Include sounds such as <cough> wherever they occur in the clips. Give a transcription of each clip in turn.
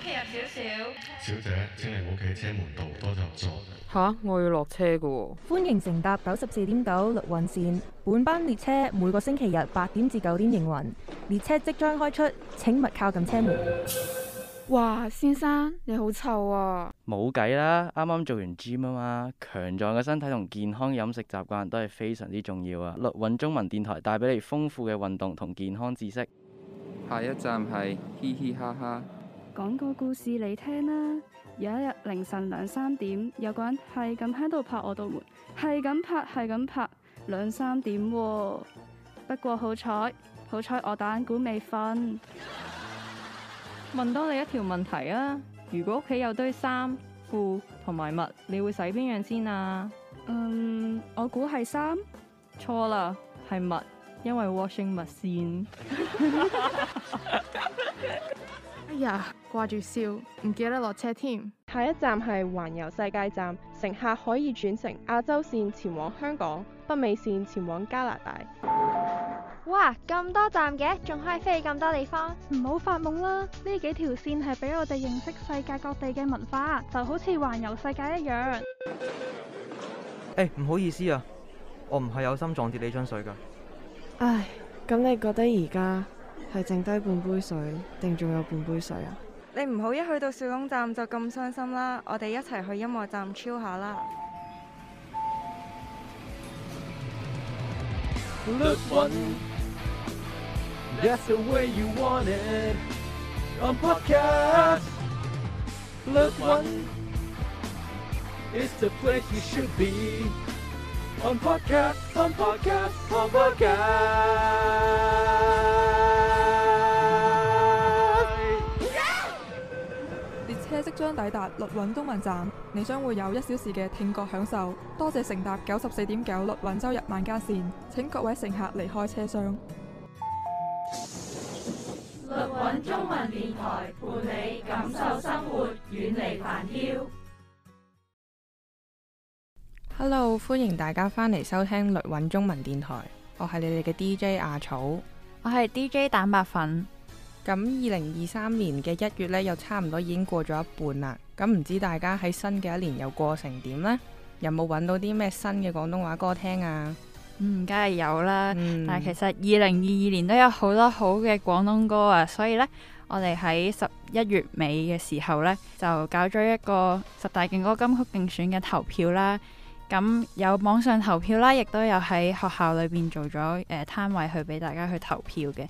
小姐，請唔好企喺車門度，多謝合作。吓，我要落車噶。歡迎乘搭九十四點九律韻線，本班列車每個星期日八點至九點營運，列車即將開出，請勿靠近車門。哇，先生，你好臭啊！冇計啦，啱啱做完 gym 啊嘛，強壯嘅身體同健康飲食習慣都係非常之重要啊！律韻中文電台帶俾你豐富嘅運動同健康知識。下一站係嘻嘻哈哈。講個故事嚟聽啦！有一日凌晨兩三點，有個人係咁喺度拍我度門，係咁拍係咁拍，兩三點。不過好彩，好彩我打估未瞓。問多你一條問題啊！如果屋企有堆衫褲同埋襪，你會洗邊樣先啊？嗯，我估係衫。錯啦，係襪，因為 washing machine <laughs> <laughs> 哎呀，掛住笑，唔記得落車添。下一站係環遊世界站，乘客可以轉乘亞洲線前往香港，北美線前往加拿大。哇，咁多站嘅，仲可以飛咁多地方，唔好發夢啦。呢幾條線係俾我哋認識世界各地嘅文化，就好似環遊世界一樣。誒、欸，唔好意思啊，我唔係有心撞跌你樽水噶。唉，咁你覺得而家？係剩低半杯水定仲有半杯水啊？你唔好一去到小龍站就咁傷心啦，我哋一齊去音樂站超下啦。Podcast, podcast, Yeah! 列車即將抵達律韻中文站，你將會有一小時嘅聽覺享受。多謝乘搭九十四點九律韻周日晚間線，請各位乘客離開車廂。律韻中文電台伴你感受生活，遠離煩囂。Hello，歡迎大家返嚟收聽律韻中文電台，我係你哋嘅 DJ 阿草，我係 DJ 蛋百粉。咁二零二三年嘅一月呢，又差唔多已經過咗一半啦。咁唔知大家喺新嘅一年又過成點呢？有冇揾到啲咩新嘅廣東話歌聽啊？嗯，梗係有啦。嗯、但係其實二零二二年都有好多好嘅廣東歌啊，所以呢，我哋喺十一月尾嘅時候呢，就搞咗一個十大勁歌金曲競選嘅投票啦。咁有網上投票啦，亦都有喺學校裏邊做咗誒、呃、攤位去俾大家去投票嘅。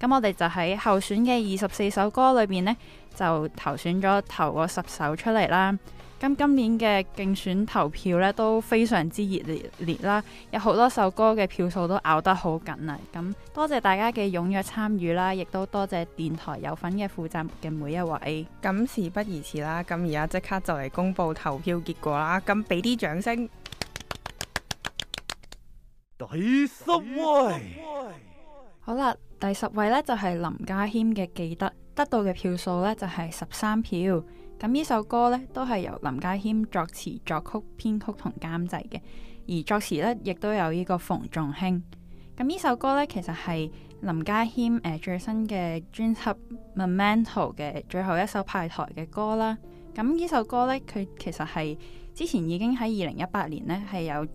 咁我哋就喺候選嘅二十四首歌裏邊呢，就投選咗頭嗰十首出嚟啦。咁今年嘅競選投票呢，都非常之熱烈，烈啦，有好多首歌嘅票數都咬得好緊啊。咁多謝大家嘅踴躍參與啦，亦都多謝電台有份嘅負責嘅每一位。咁事不宜遲啦，咁而家即刻就嚟公佈投票結果啦。咁俾啲掌聲！第十位，好啦，第十位呢就係林家謙嘅記得，得到嘅票數呢就係十三票。咁呢首歌呢都係由林家謙作詞作曲、編曲同監製嘅，而作詞呢亦都有呢個馮仲興。咁呢首歌呢其實係林家謙誒最新嘅專輯 Memento 嘅最後一首派台嘅歌啦。咁呢首歌呢，佢其實係之前已經喺二零一八年呢係有。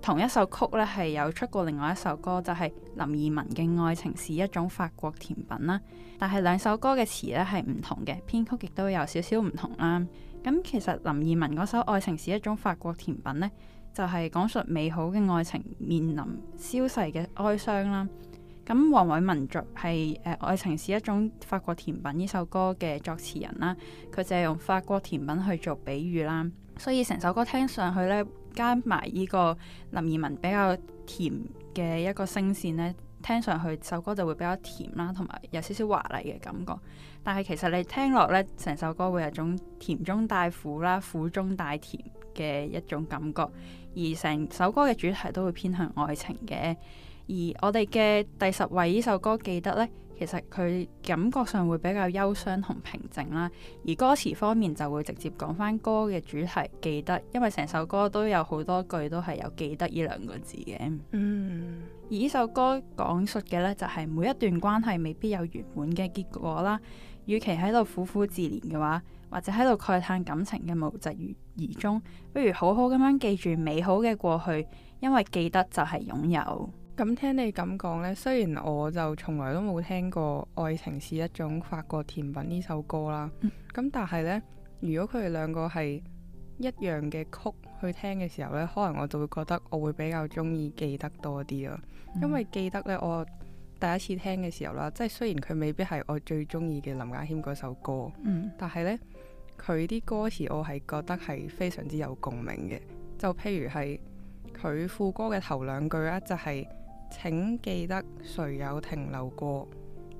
同一首曲咧係有出過另外一首歌，就係、是、林二汶嘅《愛情是一種法國甜品》啦。但係兩首歌嘅詞咧係唔同嘅，編曲亦都有少少唔同啦。咁其實林二汶嗰首《愛情是一種法國甜品》呢，就係、是、講述美好嘅愛情面臨消逝嘅哀傷啦。咁黃偉文作係誒《愛情是一種法國甜品》呢首歌嘅作詞人啦，佢就係用法國甜品去做比喻啦，所以成首歌聽上去呢。加埋呢個林二汶比較甜嘅一個聲線呢，聽上去首歌就會比較甜啦，同埋有少少華麗嘅感覺。但係其實你聽落呢，成首歌會有種甜中帶苦啦，苦中帶甜嘅一種感覺。而成首歌嘅主題都會偏向愛情嘅。而我哋嘅第十位呢首歌記得呢。其實佢感覺上會比較憂傷同平靜啦，而歌詞方面就會直接講翻歌嘅主題記得，因為成首歌都有好多句都係有記得呢兩個字嘅。嗯，而呢首歌講述嘅呢，就係每一段關係未必有圓滿嘅結果啦，與其喺度苦苦自憐嘅話，或者喺度慨嘆感情嘅無疾而終，不如好好咁樣記住美好嘅過去，因為記得就係擁有。咁聽你咁講呢，雖然我就從來都冇聽過《愛情是一種法國甜品》呢首歌啦，咁、嗯、但係呢，如果佢哋兩個係一樣嘅曲去聽嘅時候呢，可能我就會覺得我會比較中意記得多啲咯。嗯、因為記得呢，我第一次聽嘅時候啦，即係雖然佢未必係我最中意嘅林家謙嗰首歌，嗯、但係呢，佢啲歌詞我係覺得係非常之有共鳴嘅。就譬如係佢副歌嘅頭兩句啦，就係、是。請記得誰有停留過，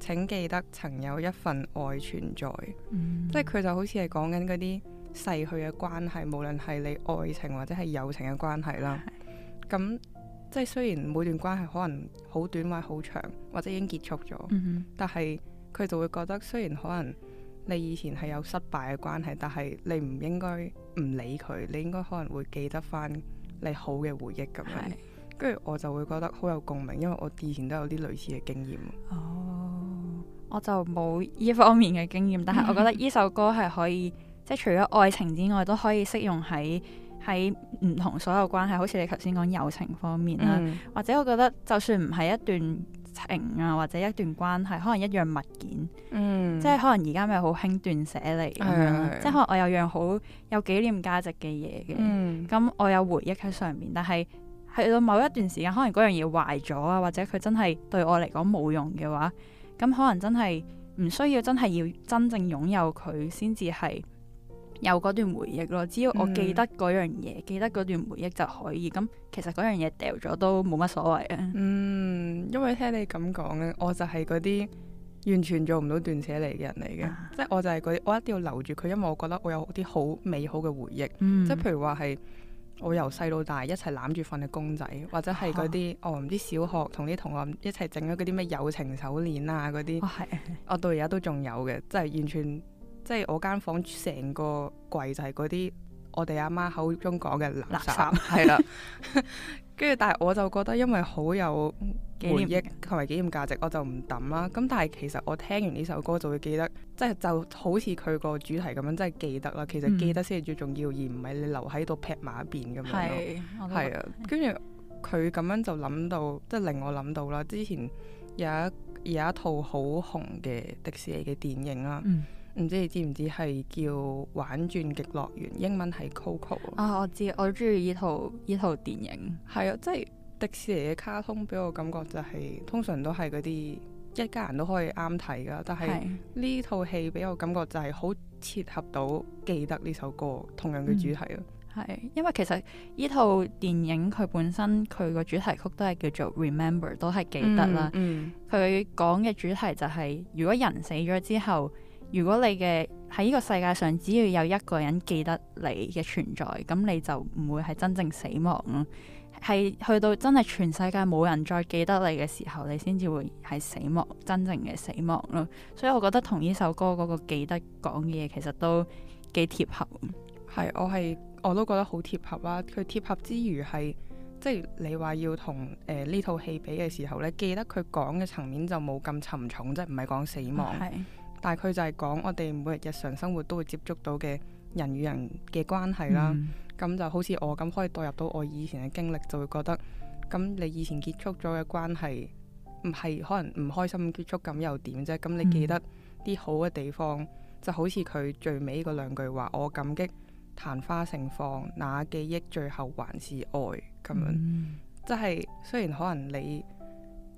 請記得曾有一份愛存在，mm hmm. 即係佢就好似係講緊嗰啲逝去嘅關係，無論係你愛情或者係友情嘅關係啦。咁、mm hmm. 即係雖然每段關係可能好短或者好長，或者已經結束咗，mm hmm. 但係佢就會覺得雖然可能你以前係有失敗嘅關係，但係你唔應該唔理佢，你應該可能會記得翻你好嘅回憶咁樣。Mm hmm. 跟住我就會覺得好有共鳴，因為我以前都有啲類似嘅經驗。哦，oh, 我就冇依方面嘅經驗，嗯、但係我覺得呢首歌係可以，即、就、係、是、除咗愛情之外，都可以適用喺喺唔同所有關係，好似你頭先講友情方面啦，嗯、或者我覺得就算唔係一段情啊，或者一段關係，可能一樣物件，嗯，即係可能而家咪好興斷捨離咁樣。即係可能我有樣好有紀念價值嘅嘢嘅，咁、嗯、我有回憶喺上面，但係。去到某一段時間，可能嗰樣嘢壞咗啊，或者佢真係對我嚟講冇用嘅話，咁可能真係唔需要真係要真正擁有佢先至係有嗰段回憶咯。只要我記得嗰樣嘢，嗯、記得嗰段回憶就可以。咁其實嗰樣嘢掉咗都冇乜所謂嘅。嗯，因為聽你咁講咧，我就係嗰啲完全做唔到斷捨離嘅人嚟嘅，即係、啊、我就係嗰，我一定要留住佢，因為我覺得我有啲好美好嘅回憶。嗯、即係譬如話係。我由細到大一齊攬住瞓嘅公仔，或者係嗰啲，我唔、oh. 哦、知小學同啲同學一齊整咗嗰啲咩友情手鏈啊，嗰啲，oh, yes. 我到而家都仲有嘅，即、就、係、是、完全即係、就是、我間房成個櫃就係嗰啲我哋阿媽口中講嘅垃圾，係啦，跟住 <laughs> <laughs> 但係我就覺得因為好有。回憶同埋紀念價值，我就唔抌啦。咁但係其實我聽完呢首歌就會記得，即係就好似佢個主題咁樣，真係記得啦。其實記得先係最重要，而唔係你留喺度劈埋一邊咁樣。係，係啊。跟住佢咁樣就諗到，即係令我諗到啦。之前有一有一套好紅嘅迪士尼嘅電影啦，唔知你知唔知係叫《玩轉極樂園》？英文係 Coco 啊。我知，我中意呢套依套電影。係啊，即係。迪士尼嘅卡通俾我感覺就係、是、通常都係嗰啲一家人都可以啱睇噶，但係呢是套戲俾我感覺就係好切合到記得呢首歌同樣嘅主題咯。係、嗯、因為其實依套電影佢本身佢個主題曲都係叫做 Remember，都係記得啦。佢講嘅主題就係、是、如果人死咗之後，如果你嘅喺呢個世界上只要有一個人記得你嘅存在，咁你就唔會係真正死亡係去到真係全世界冇人再記得你嘅時候，你先至會係死亡，真正嘅死亡咯。所以我覺得同呢首歌嗰個記得講嘅嘢，其實都幾貼合。係，我係我都覺得好貼合啦。佢貼合之餘係，即係你話要同誒呢套戲比嘅時候咧，記得佢講嘅層面就冇咁沉重，即係唔係講死亡，係，但係佢就係講我哋每日日常生活都會接觸到嘅人與人嘅關係啦。嗯咁就好似我咁可以代入到我以前嘅經歷，就會覺得咁你以前結束咗嘅關係唔係可能唔開心結束咁又點啫？咁你記得啲、嗯、好嘅地方，就好似佢最尾嗰兩句話：我感激曇花盛放，那記憶最後還是愛。咁樣即係、嗯就是、雖然可能你。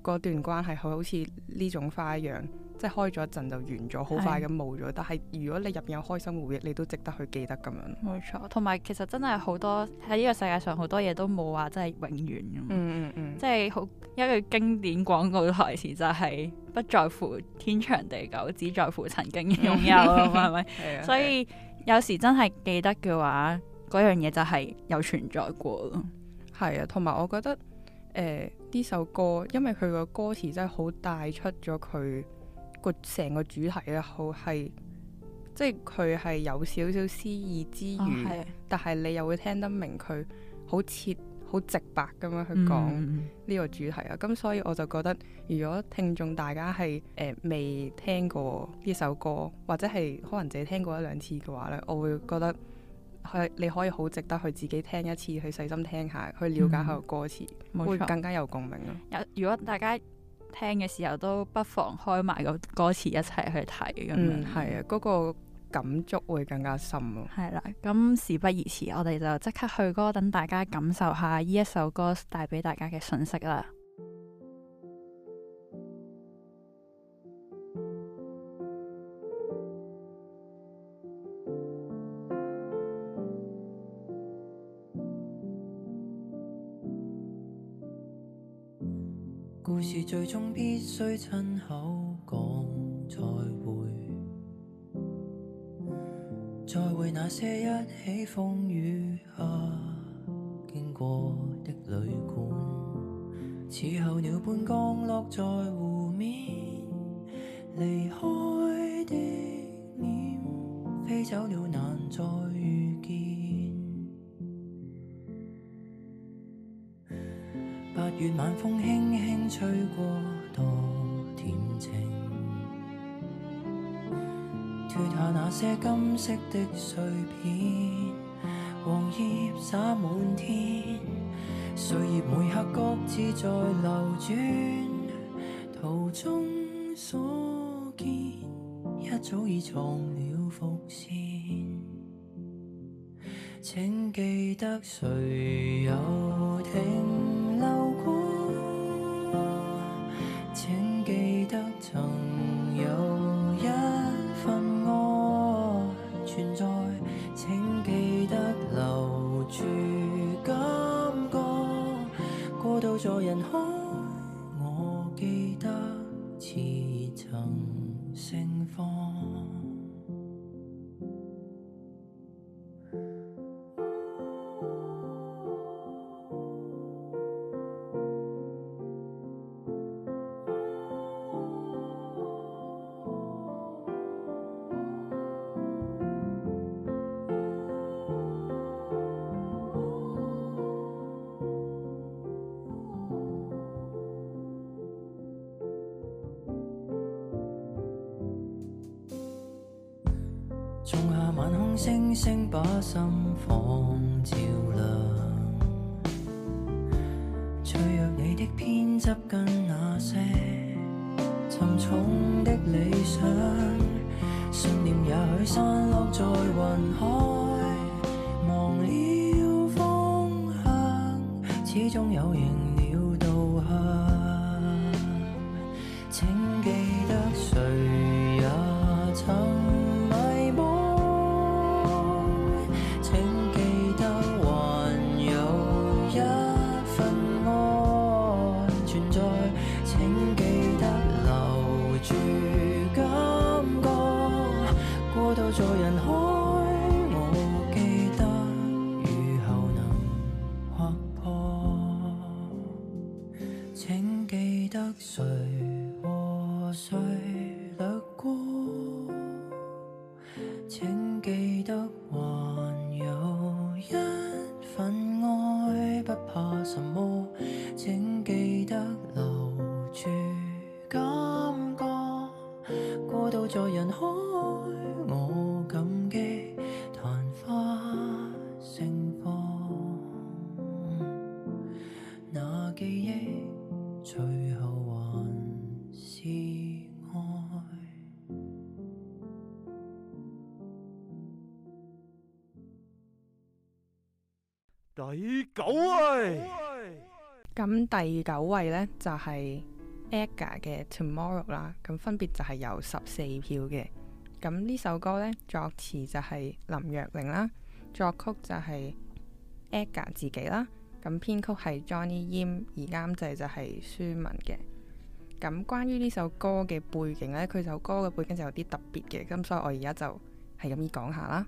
嗰段關係好似呢種花一樣，即係開咗一陣就完咗，好快咁冇咗。的但係如果你入面有開心回憶，你都值得去記得咁樣。冇錯，同埋其實真係好多喺呢個世界上好多嘢都冇話真係永遠嘅。嗯。嗯嗯，即係好一句經典廣告台詞就係：不在乎天長地久，只在乎曾經擁有。係咪？所以有時真係記得嘅話，嗰樣嘢就係有存在過咯。係啊，同埋我覺得誒。呃呢首歌，因為佢個歌詞真係好帶出咗佢個成個主題啊，好係即係佢係有少少詩意之餘，哦、但係你又會聽得明佢好切、好直白咁樣去講呢個主題啊。咁、嗯嗯、所以我就覺得，如果聽眾大家係誒未聽過呢首歌，或者係可能淨係聽過一兩次嘅話咧，我會覺得，佢你可以好值得去自己聽一次，去細心聽下，去了解下個歌詞，嗯、會更加有共鳴咯。有如果大家聽嘅時候，都不妨開埋個歌詞一齊去睇，咁樣係啊，嗰、嗯嗰個感觸會更加深咯。係啦、嗯，咁事不宜遲，我哋就即刻去歌，等大家感受下呢一首歌帶俾大家嘅信息啦。故事最終必須親口講再會，再會那些一起風雨下、啊、經過的旅館，似候鳥般降落在湖面，離開的臉，飛走了難再。願晚風輕輕吹過，多恬靜。脫下那些金色的碎片，黃葉灑滿天。歲月每刻各自在流轉，途中所見，一早已藏了伏線。請記得，誰有聽？第九位，咁第九位呢，就係 Aga 嘅 Tomorrow 啦，咁分別就係有十四票嘅。咁呢首歌呢，作詞就係林若寧啦，作曲就係 Aga 自己啦，咁編曲係 Johnny Yim，而監製就係舒文嘅。咁關於呢首歌嘅背景呢，佢首歌嘅背景就有啲特別嘅，咁所以我而家就係咁意講下啦，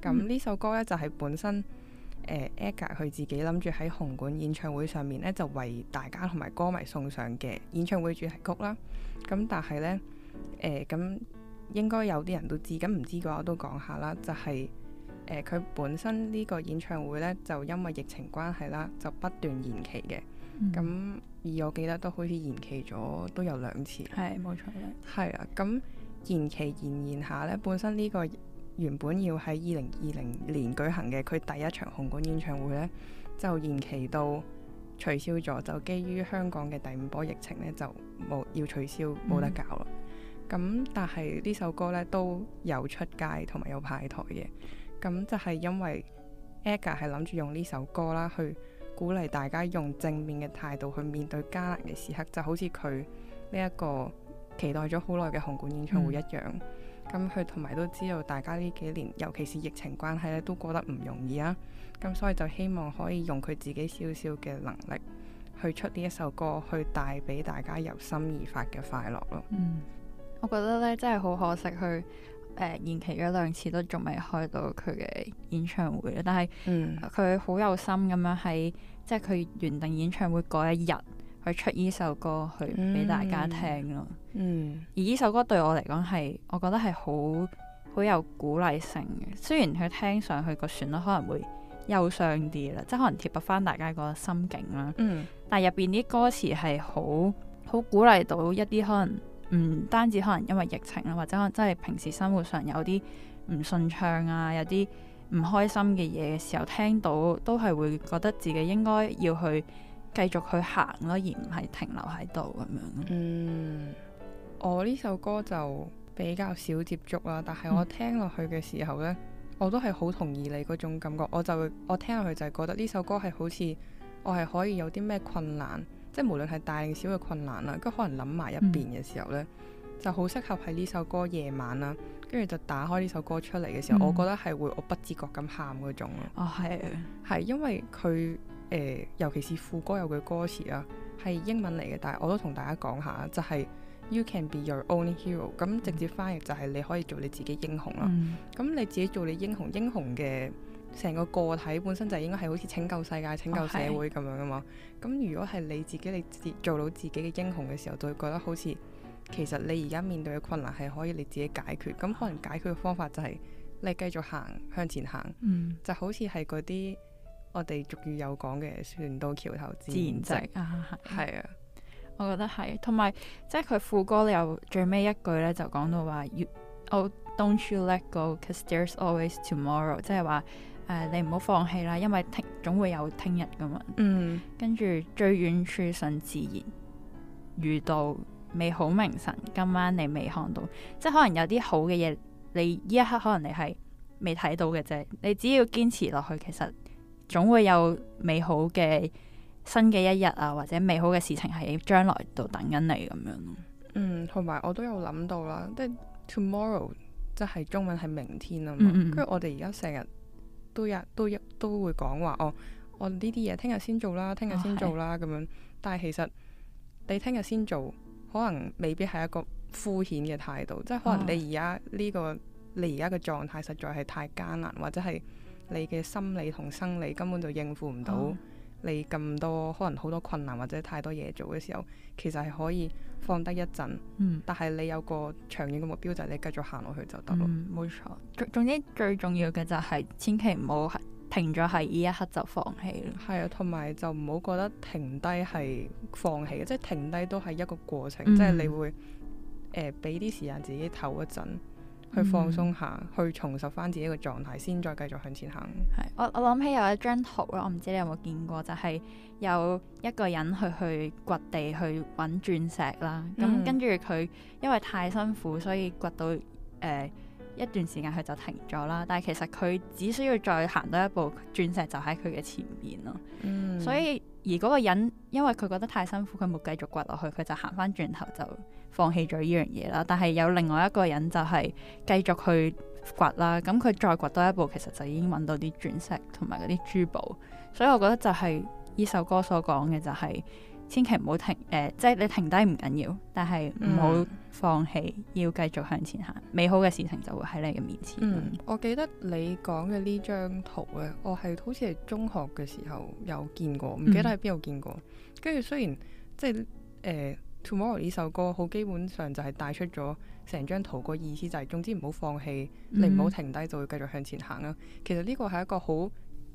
咁呢首歌呢，就係本身、嗯。本身誒 Edgar 佢自己諗住喺紅館演唱會上面咧，就為大家同埋歌迷送上嘅演唱會主題曲啦。咁但係呢，誒、呃、咁應該有啲人都知，咁唔知嘅話我都講下啦。就係、是、佢、呃、本身呢個演唱會呢，就因為疫情關係啦，就不斷延期嘅。咁而、嗯、我記得都好似延期咗都有兩次。係冇錯嘅。係啊，咁延期延延下呢，本身呢、呢個。原本要喺二零二零年舉行嘅佢第一場紅館演唱會咧，就延期到取消咗，就基於香港嘅第五波疫情咧，就冇要取消冇得搞啦。咁、嗯、但係呢首歌咧都有出街同埋有派台嘅，咁就係因為 AGA 係諗住用呢首歌啦，去鼓勵大家用正面嘅態度去面對艱難嘅時刻，就好似佢呢一個期待咗好耐嘅紅館演唱會一樣。嗯嗯。咁佢同埋都知道大家呢幾年，尤其是疫情關係咧，都過得唔容易啊！咁所以就希望可以用佢自己少少嘅能力，去出呢一首歌，去帶俾大家由心而發嘅快樂咯、嗯。我覺得咧真係好可惜，佢、呃、誒延期咗兩次都仲未開到佢嘅演唱會。但係，佢好有心咁樣喺即係佢原定演唱會嗰一日，去出呢首歌去俾大家聽咯，嗯、而呢首歌對我嚟講係，我覺得係好好有鼓勵性嘅。雖然佢聽上去個旋律可能會憂傷啲啦，即係可能貼合翻大家個心境啦。嗯、但係入邊啲歌詞係好好鼓勵到一啲可能唔單止可能因為疫情啦，或者可能真係平時生活上有啲唔順暢啊，有啲唔開心嘅嘢嘅時候，聽到都係會覺得自己應該要去。繼續去行咯，而唔係停留喺度咁樣。嗯，我呢首歌就比較少接觸啦，但係我聽落去嘅時候呢，嗯、我都係好同意你嗰種感覺。我就會我聽落去就係覺得呢首歌係好似我係可以有啲咩困難，即、就、係、係、無論係大定小嘅困難啦，跟可能諗埋一邊嘅時候呢，嗯、就好適合喺呢首歌夜晚啦，跟住就打開呢首歌出嚟嘅時候，嗯、我覺得係會我不自覺咁喊嗰種咯。啊、哦，係，係因為佢。誒、呃，尤其是副歌有句歌詞啊，係英文嚟嘅，但係我都同大家講下，就係、是、You can be your own hero，咁直接翻譯就係你可以做你自己英雄啦。咁、嗯、你自己做你英雄，英雄嘅成個個體本身就應該係好似拯救世界、拯救社會咁樣啊嘛。咁、哦、如果係你自己，你自做到自己嘅英雄嘅時候，就會覺得好似其實你而家面對嘅困難係可以你自己解決。咁可能解決嘅方法就係你繼續行向前行，嗯、就好似係嗰啲。我哋俗語有講嘅，船到橋頭自然直啊，啊，啊 <laughs> 我覺得係。同埋即係佢副歌有最尾一句咧，就講到話、mm. oh, don't you let go，cause there's always tomorrow，即係話誒，你唔好放棄啦，因為聽總會有聽日噶嘛。嗯、mm.，跟住最遠處信自然，遇到未好明晨，今晚你未看到，即係可能有啲好嘅嘢，你呢一刻可能你係未睇到嘅啫。你只要堅持落去，其實～總會有美好嘅新嘅一日啊，或者美好嘅事情喺將來度等緊你咁樣咯。嗯，同埋我都有諗到啦，即係 tomorrow 即係中文係明天啊嘛。跟住、嗯嗯、我哋而家成日都日都一，都，一都會講話哦，我呢啲嘢聽日先做啦，聽日先做啦咁、哦、樣。但係其實你聽日先做，可能未必係一個敷衍嘅態度，即係可能你而家呢個哇你而家嘅狀態實在係太艱難，或者係。你嘅心理同生理根本就應付唔到你咁多、oh. 可能好多困難或者太多嘢做嘅時候，其實係可以放得一陣。嗯，mm. 但係你有個長遠嘅目標就係你繼續行落去就得咯。冇錯、mm. 錯。總總之最重要嘅就係千祈唔好停咗喺呢一刻就放棄。係啊，同埋就唔好覺得停低係放棄，即係停低都係一個過程，即係、mm. 你會誒俾啲時間自己唞一陣。去放鬆下，去重拾翻自己嘅狀態，先再繼續向前行。係，我我諗起有一張圖咯，我唔知你有冇見過，就係、是、有一個人去去掘地去揾鑽石啦。咁、嗯、跟住佢因為太辛苦，所以掘到誒。呃一段時間佢就停咗啦，但係其實佢只需要再行多一步，鑽石就喺佢嘅前面咯。嗯、所以而嗰個人因為佢覺得太辛苦，佢冇繼續掘落去，佢就行返轉頭就放棄咗呢樣嘢啦。但係有另外一個人就係繼續去掘啦。咁佢再掘多一步，其實就已經揾到啲鑽石同埋嗰啲珠寶。所以我覺得就係呢首歌所講嘅就係、是。千祈唔好停，誒、呃，即係你停低唔緊要，但係唔好放棄，嗯、要繼續向前行，美好嘅事情就會喺你嘅面前。嗯，我記得你講嘅呢張圖咧，我係好似係中學嘅時候有見過，唔記得喺邊度見過。跟住，嗯、雖然即係誒，Tomorrow 呢首歌好基本上就係帶出咗成張圖個意思，就係總之唔好放棄，你唔好停低，就會繼續向前行啦。嗯、其實呢個係一個好。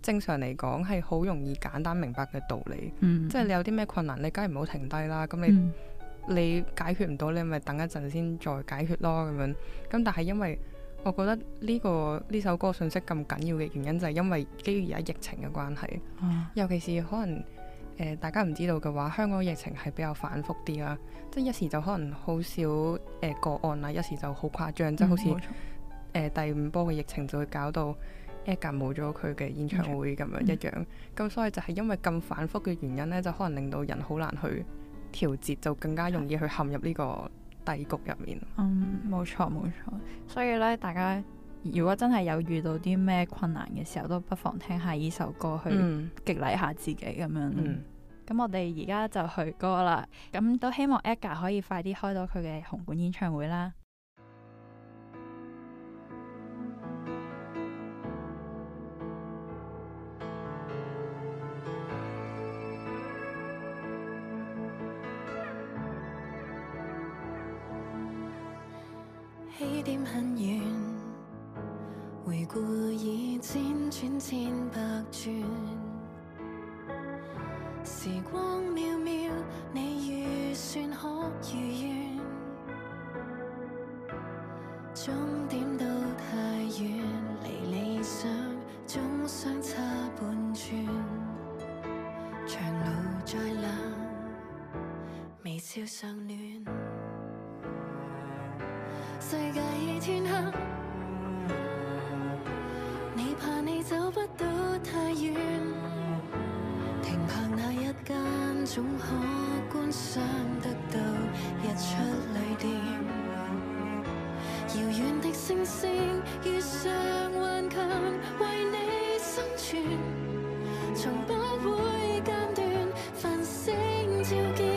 正常嚟講係好容易簡單明白嘅道理，嗯、即係你有啲咩困難，你梗係唔好停低啦。咁你、嗯、你解決唔到，你咪等一陣先再解決咯。咁樣咁，但係因為我覺得呢、呢個呢首歌信息咁緊要嘅原因，就係因為基於而家疫情嘅關係，啊、尤其是可能誒、呃、大家唔知道嘅話，香港疫情係比較反覆啲啦。即係一時就可能好少誒、呃、個案啦，一時就好誇張，即係、嗯、好似誒冇錯、呃、第五波嘅疫情就會搞到。Egg 冇咗佢嘅演唱會咁樣、嗯、一樣，咁、嗯、所以就係因為咁反覆嘅原因咧，就可能令到人好難去調節，就更加容易去陷入呢個低谷入面。嗯，冇錯冇錯，所以咧，大家如果真係有遇到啲咩困難嘅時候，都不妨聽下呢首歌去激勵下自己咁、嗯、樣。咁、嗯、我哋而家就去歌啦，咁都希望 Egg 可以快啲開到佢嘅紅館演唱會啦。起點很遠，回顧已輾轉千百轉，時光渺渺，你預算可如願？終點都太遠，離理想總相差半寸，長路再冷，微笑尚暖。世界已天黑，你怕你走不到太遠。停泊那一間，總可觀賞得到日出旅店。遙遠的星星，遇上頑強，為你生存，從不會間斷。繁星照見。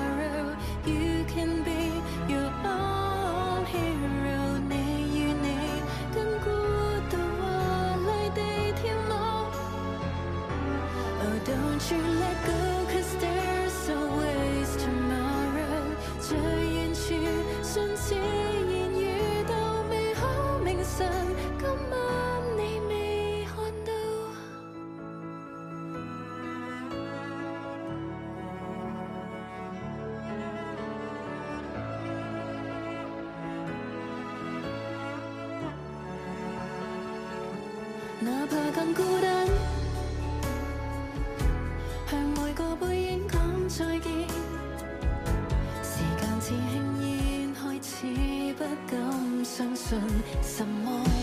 怕更孤單，向每個背影講再見，時間似輕煙，開始不敢相信什麼。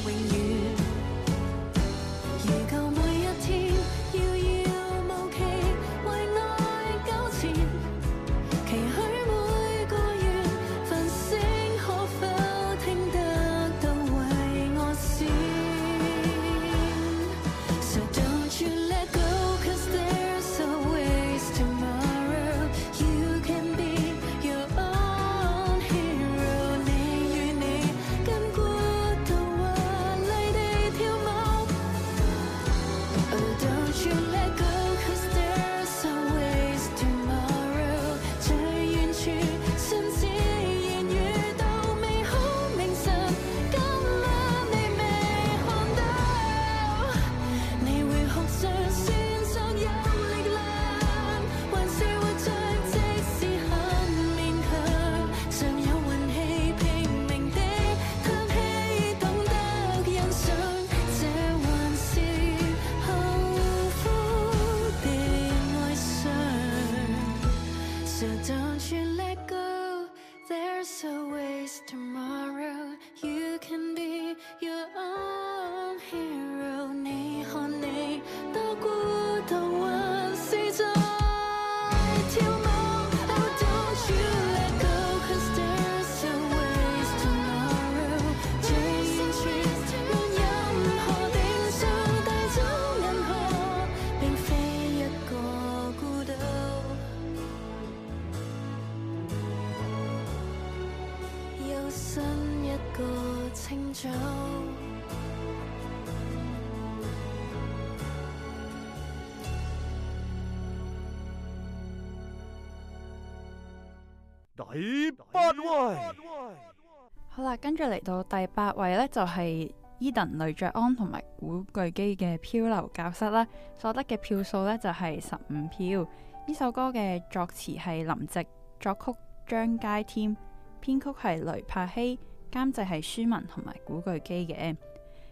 好啦，跟住嚟到第八位呢，就係 Edan 呂爵安同埋古巨基嘅《漂流教室》啦，所得嘅票數呢，就係十五票。呢首歌嘅作詞係林夕，作曲張佳添，編曲係雷柏熹，監製係舒文同埋古巨基嘅。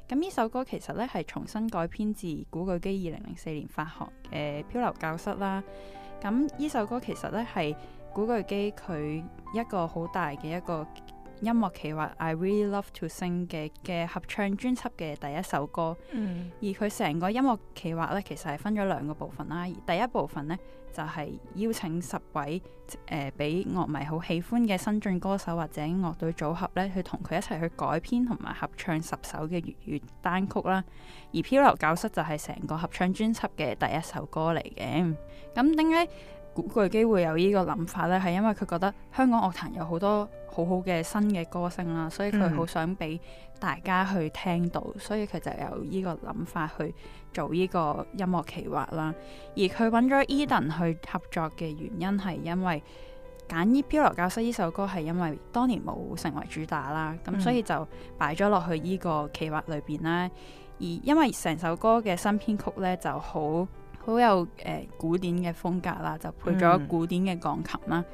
咁呢首歌其實呢，係重新改編自古巨基二零零四年發行嘅《漂流教室》啦。咁呢首歌其實呢，係。古巨基佢一個好大嘅一個音樂企劃，I really love to sing 嘅嘅合唱專輯嘅第一首歌。嗯，mm. 而佢成個音樂企劃咧，其實係分咗兩個部分啦。而第一部分呢，就係邀請十位誒，俾樂迷好喜歡嘅新晉歌手或者樂隊組合咧，去同佢一齊去改編同埋合唱十首嘅粵語單曲啦。而《漂流教室》就係成個合唱專輯嘅第一首歌嚟嘅。咁點解古巨基會有呢個諗法咧，係因為佢覺得香港樂壇有好多好好嘅新嘅歌星啦，所以佢好想俾大家去聽到，所以佢就有呢個諗法去做呢個音樂企劃啦。而佢揾咗 Edan 去合作嘅原因係因為《簡依漂流教室》呢首歌係因為當年冇成為主打啦，咁所以就擺咗落去呢個企劃裏邊啦。而因為成首歌嘅新編曲呢，就好。好有誒、呃、古典嘅風格啦，就配咗古典嘅鋼琴啦。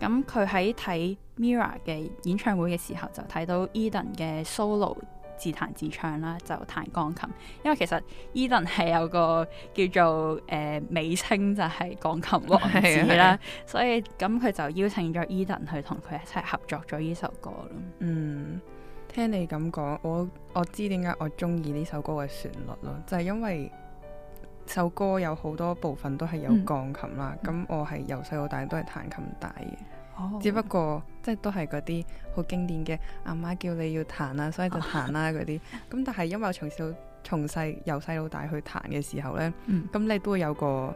咁佢喺睇 Mira 嘅演唱會嘅時候，就睇到 Edan 嘅 solo 自彈自唱啦，就彈鋼琴。因為其實 Edan 係有個叫做誒、呃、美稱，就係鋼琴王子啦。的所以咁佢就邀請咗 Edan 去同佢一齊合作咗呢首歌咯。嗯，聽你咁講，我我知點解我中意呢首歌嘅旋律咯，就係、是、因為。首歌有好多部分都係有鋼琴啦，咁我係由細到大都係彈琴大嘅，只不過即係都係嗰啲好經典嘅，阿媽叫你要彈啊，所以就彈啦嗰啲。咁但係因為我從小從細由細到大去彈嘅時候呢，咁你都會有個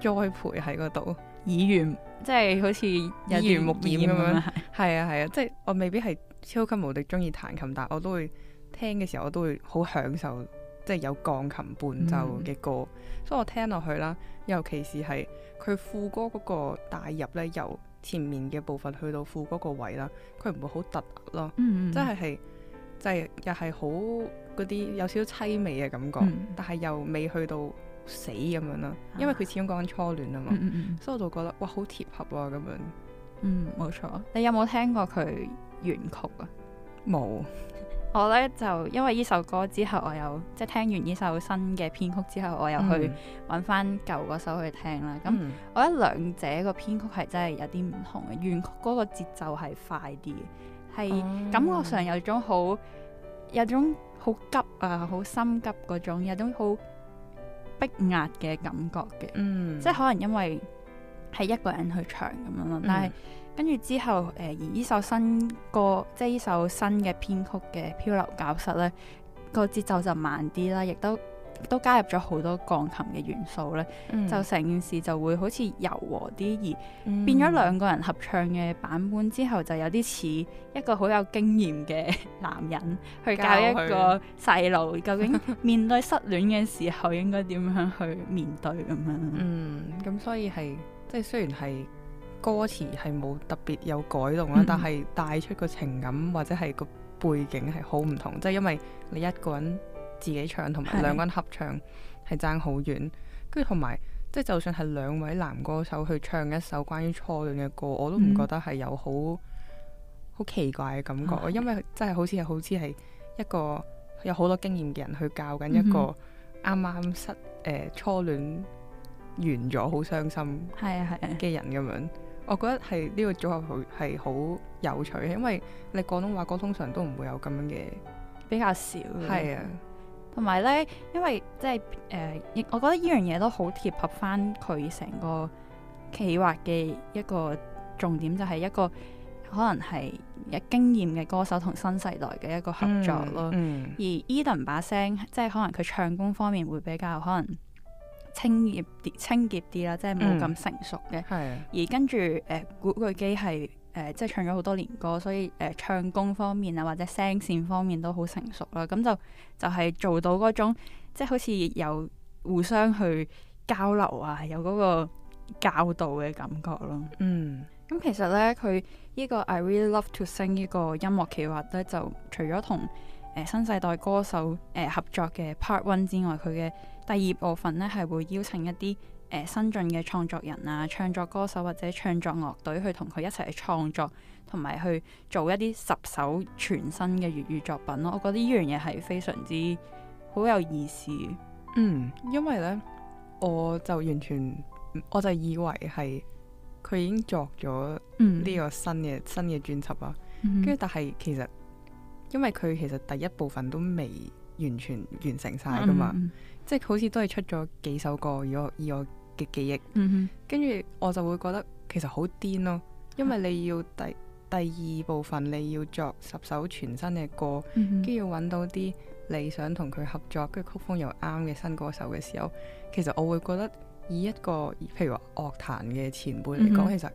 栽培喺嗰度，耳濡即係好似耳濡目染咁樣。係啊係啊，即係我未必係超級無敵中意彈琴，但係我都會聽嘅時候我都會好享受。即係有鋼琴伴奏嘅歌，嗯、所以我聽落去啦，尤其是係佢副歌嗰個帶入咧，由前面嘅部分去到副歌個位啦，佢唔會好突咯，嗯嗯，真係係，就係又係好嗰啲有少少淒美嘅感覺，嗯、但係又未去到死咁樣啦，嗯、因為佢始終講緊初戀啊嘛，所以我就覺得哇，好貼合啊咁樣，嗯，冇錯，你有冇聽過佢原曲啊？冇。 <laughs> 我咧就因為呢首歌之後，我又，即係聽完呢首新嘅編曲之後，我又去揾翻舊嗰首去聽啦。咁、嗯、我覺得兩者個編曲係真係有啲唔同嘅，原曲嗰個節奏係快啲，係感覺上有種好有種好急啊，好心急嗰種，有種好逼壓嘅感覺嘅。嗯，即係可能因為係一個人去唱咁樣咯，但係。嗯跟住之後，誒、呃、而呢首新歌，即係呢首新嘅編曲嘅《漂流教室》，呢個節奏就慢啲啦，亦都都加入咗好多鋼琴嘅元素呢、嗯、就成件事就會好似柔和啲，而變咗兩個人合唱嘅版本之後，就有啲似一個好有經驗嘅男人去教一個細路，究竟面對失戀嘅時候應該點樣去面對咁樣。嗯，咁所以係即係雖然係。歌詞係冇特別有改動啦，嗯、但係帶出個情感或者係個背景係好唔同，即係、嗯、因為你一個人自己唱同埋兩個人合唱係爭好遠，跟住同埋即係就算係兩位男歌手去唱一首關於初戀嘅歌，我都唔覺得係有好好、嗯、奇怪嘅感覺，嗯、因為真係好似係好似係一個有好多經驗嘅人去教緊一個啱啱失誒、呃、初戀完咗好傷心係啊係嘅人咁樣。嗯嗯嗯我覺得係呢個組合好係好有趣，因為你廣東話歌通常都唔會有咁樣嘅，比較少。係啊，同埋咧，因為即係誒、呃，我覺得依樣嘢都好貼合翻佢成個企劃嘅一個重點，就係一個可能係有經驗嘅歌手同新世代嘅一個合作咯。嗯嗯。而 Edan 把聲，即係可能佢唱功方面會比較可能。清潔啲，清潔啲啦，即係冇咁成熟嘅。係、嗯。而跟住誒、呃、古巨基係誒，即係唱咗好多年歌，所以誒、呃、唱功方面啊，或者聲線方面都好成熟啦。咁就就係、是、做到嗰種，即係好似有互相去交流啊，有嗰個教導嘅感覺咯。嗯。咁其實咧，佢呢個 I really love to sing 呢個音樂企劃咧，就除咗同誒新世代歌手誒、呃、合作嘅 Part One 之外，佢嘅。第二部分咧，係會邀請一啲誒、呃、新進嘅創作人啊、唱作歌手或者唱作樂隊去同佢一齊去創作，同埋去做一啲十首全新嘅粵語作品咯、啊。我覺得呢樣嘢係非常之好有意思嗯，因為咧，我就完全我就以為係佢已經作咗呢個新嘅、嗯、新嘅專輯啊。跟住、嗯，但係其實因為佢其實第一部分都未完全完成晒噶嘛。嗯即係好似都係出咗幾首歌，以我以我嘅記憶，跟住、嗯、哼我就會覺得其實好癲咯，因為你要第、啊、第二部分你要作十首全新嘅歌，嗯、哼跟住要揾到啲你想同佢合作，跟住曲風又啱嘅新歌手嘅時候，其實我會覺得以一個譬如話樂壇嘅前輩嚟講，嗯、哼其實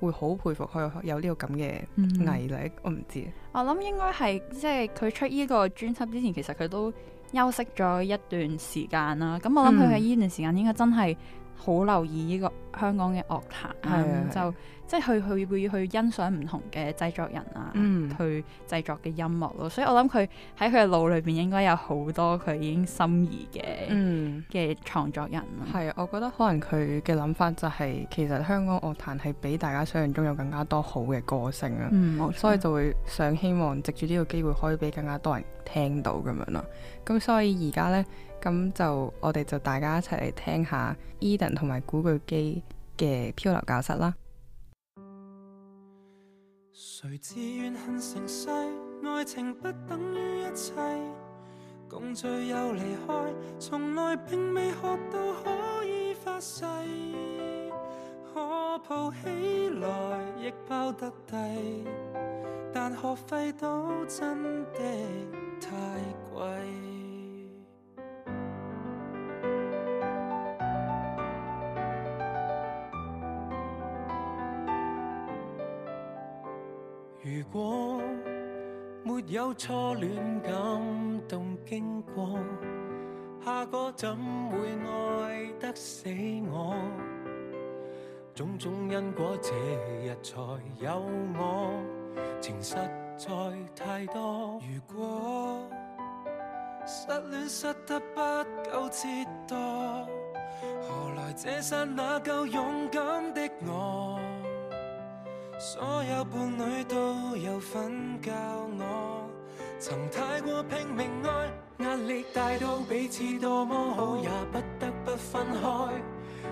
會好佩服佢有呢個咁嘅毅力。嗯、哼我唔知，我諗應該係即係佢出呢個專輯之前，其實佢都休息咗一段時間啦，咁我諗佢喺呢段時間應該真係好留意呢個香港嘅樂壇，咁就、嗯。係係係。即係佢去會去欣賞唔同嘅製作人啊，嗯、去製作嘅音樂咯。所以我諗佢喺佢嘅腦裏邊應該有好多佢已經心儀嘅嘅創作人咯、啊。係啊，我覺得可能佢嘅諗法就係、是、其實香港樂壇係比大家想象中有更加多好嘅歌聲啊，嗯、所以就會想希望藉住呢個機會可以俾更加多人聽到咁樣啦。咁所以而家呢，咁就我哋就大家一齊嚟聽下 Edan 同埋古巨基嘅《漂流教室》啦。誰知怨恨成世，愛情不等於一切，共聚又離開，從來並未學到可以發誓，可抱起來亦拋得低，但學費都真的太貴。如果沒有初戀感動經過，下個怎會愛得死我？種種因果，這日才有我，情實在太多。如果失戀失得不夠折墮，何來這剎那夠勇敢的我？所有伴侶都有份教我，曾太過拼命愛，壓力大到彼此多麼好也不得不分開。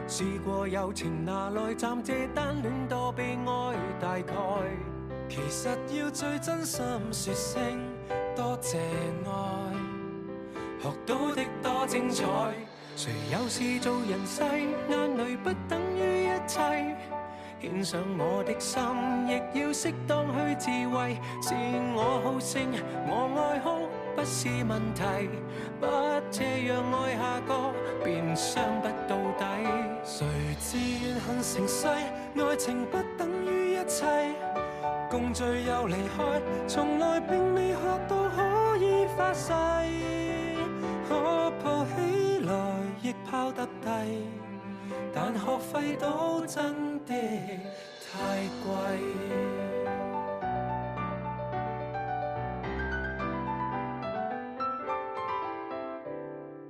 試過友情拿來暫借，暫單戀多悲哀。大概其實要最真心説聲多謝愛，學到的多精彩。誰有事做人世，眼淚不等於一切。獻上我的心，亦要適當去自衛。是我好勝，我愛哭，不是問題。不這樣愛下個，便傷不到底。誰知怨恨成世，愛情不等於一切。共聚又離開，從來並未學到可以發誓。愛到真的太貴，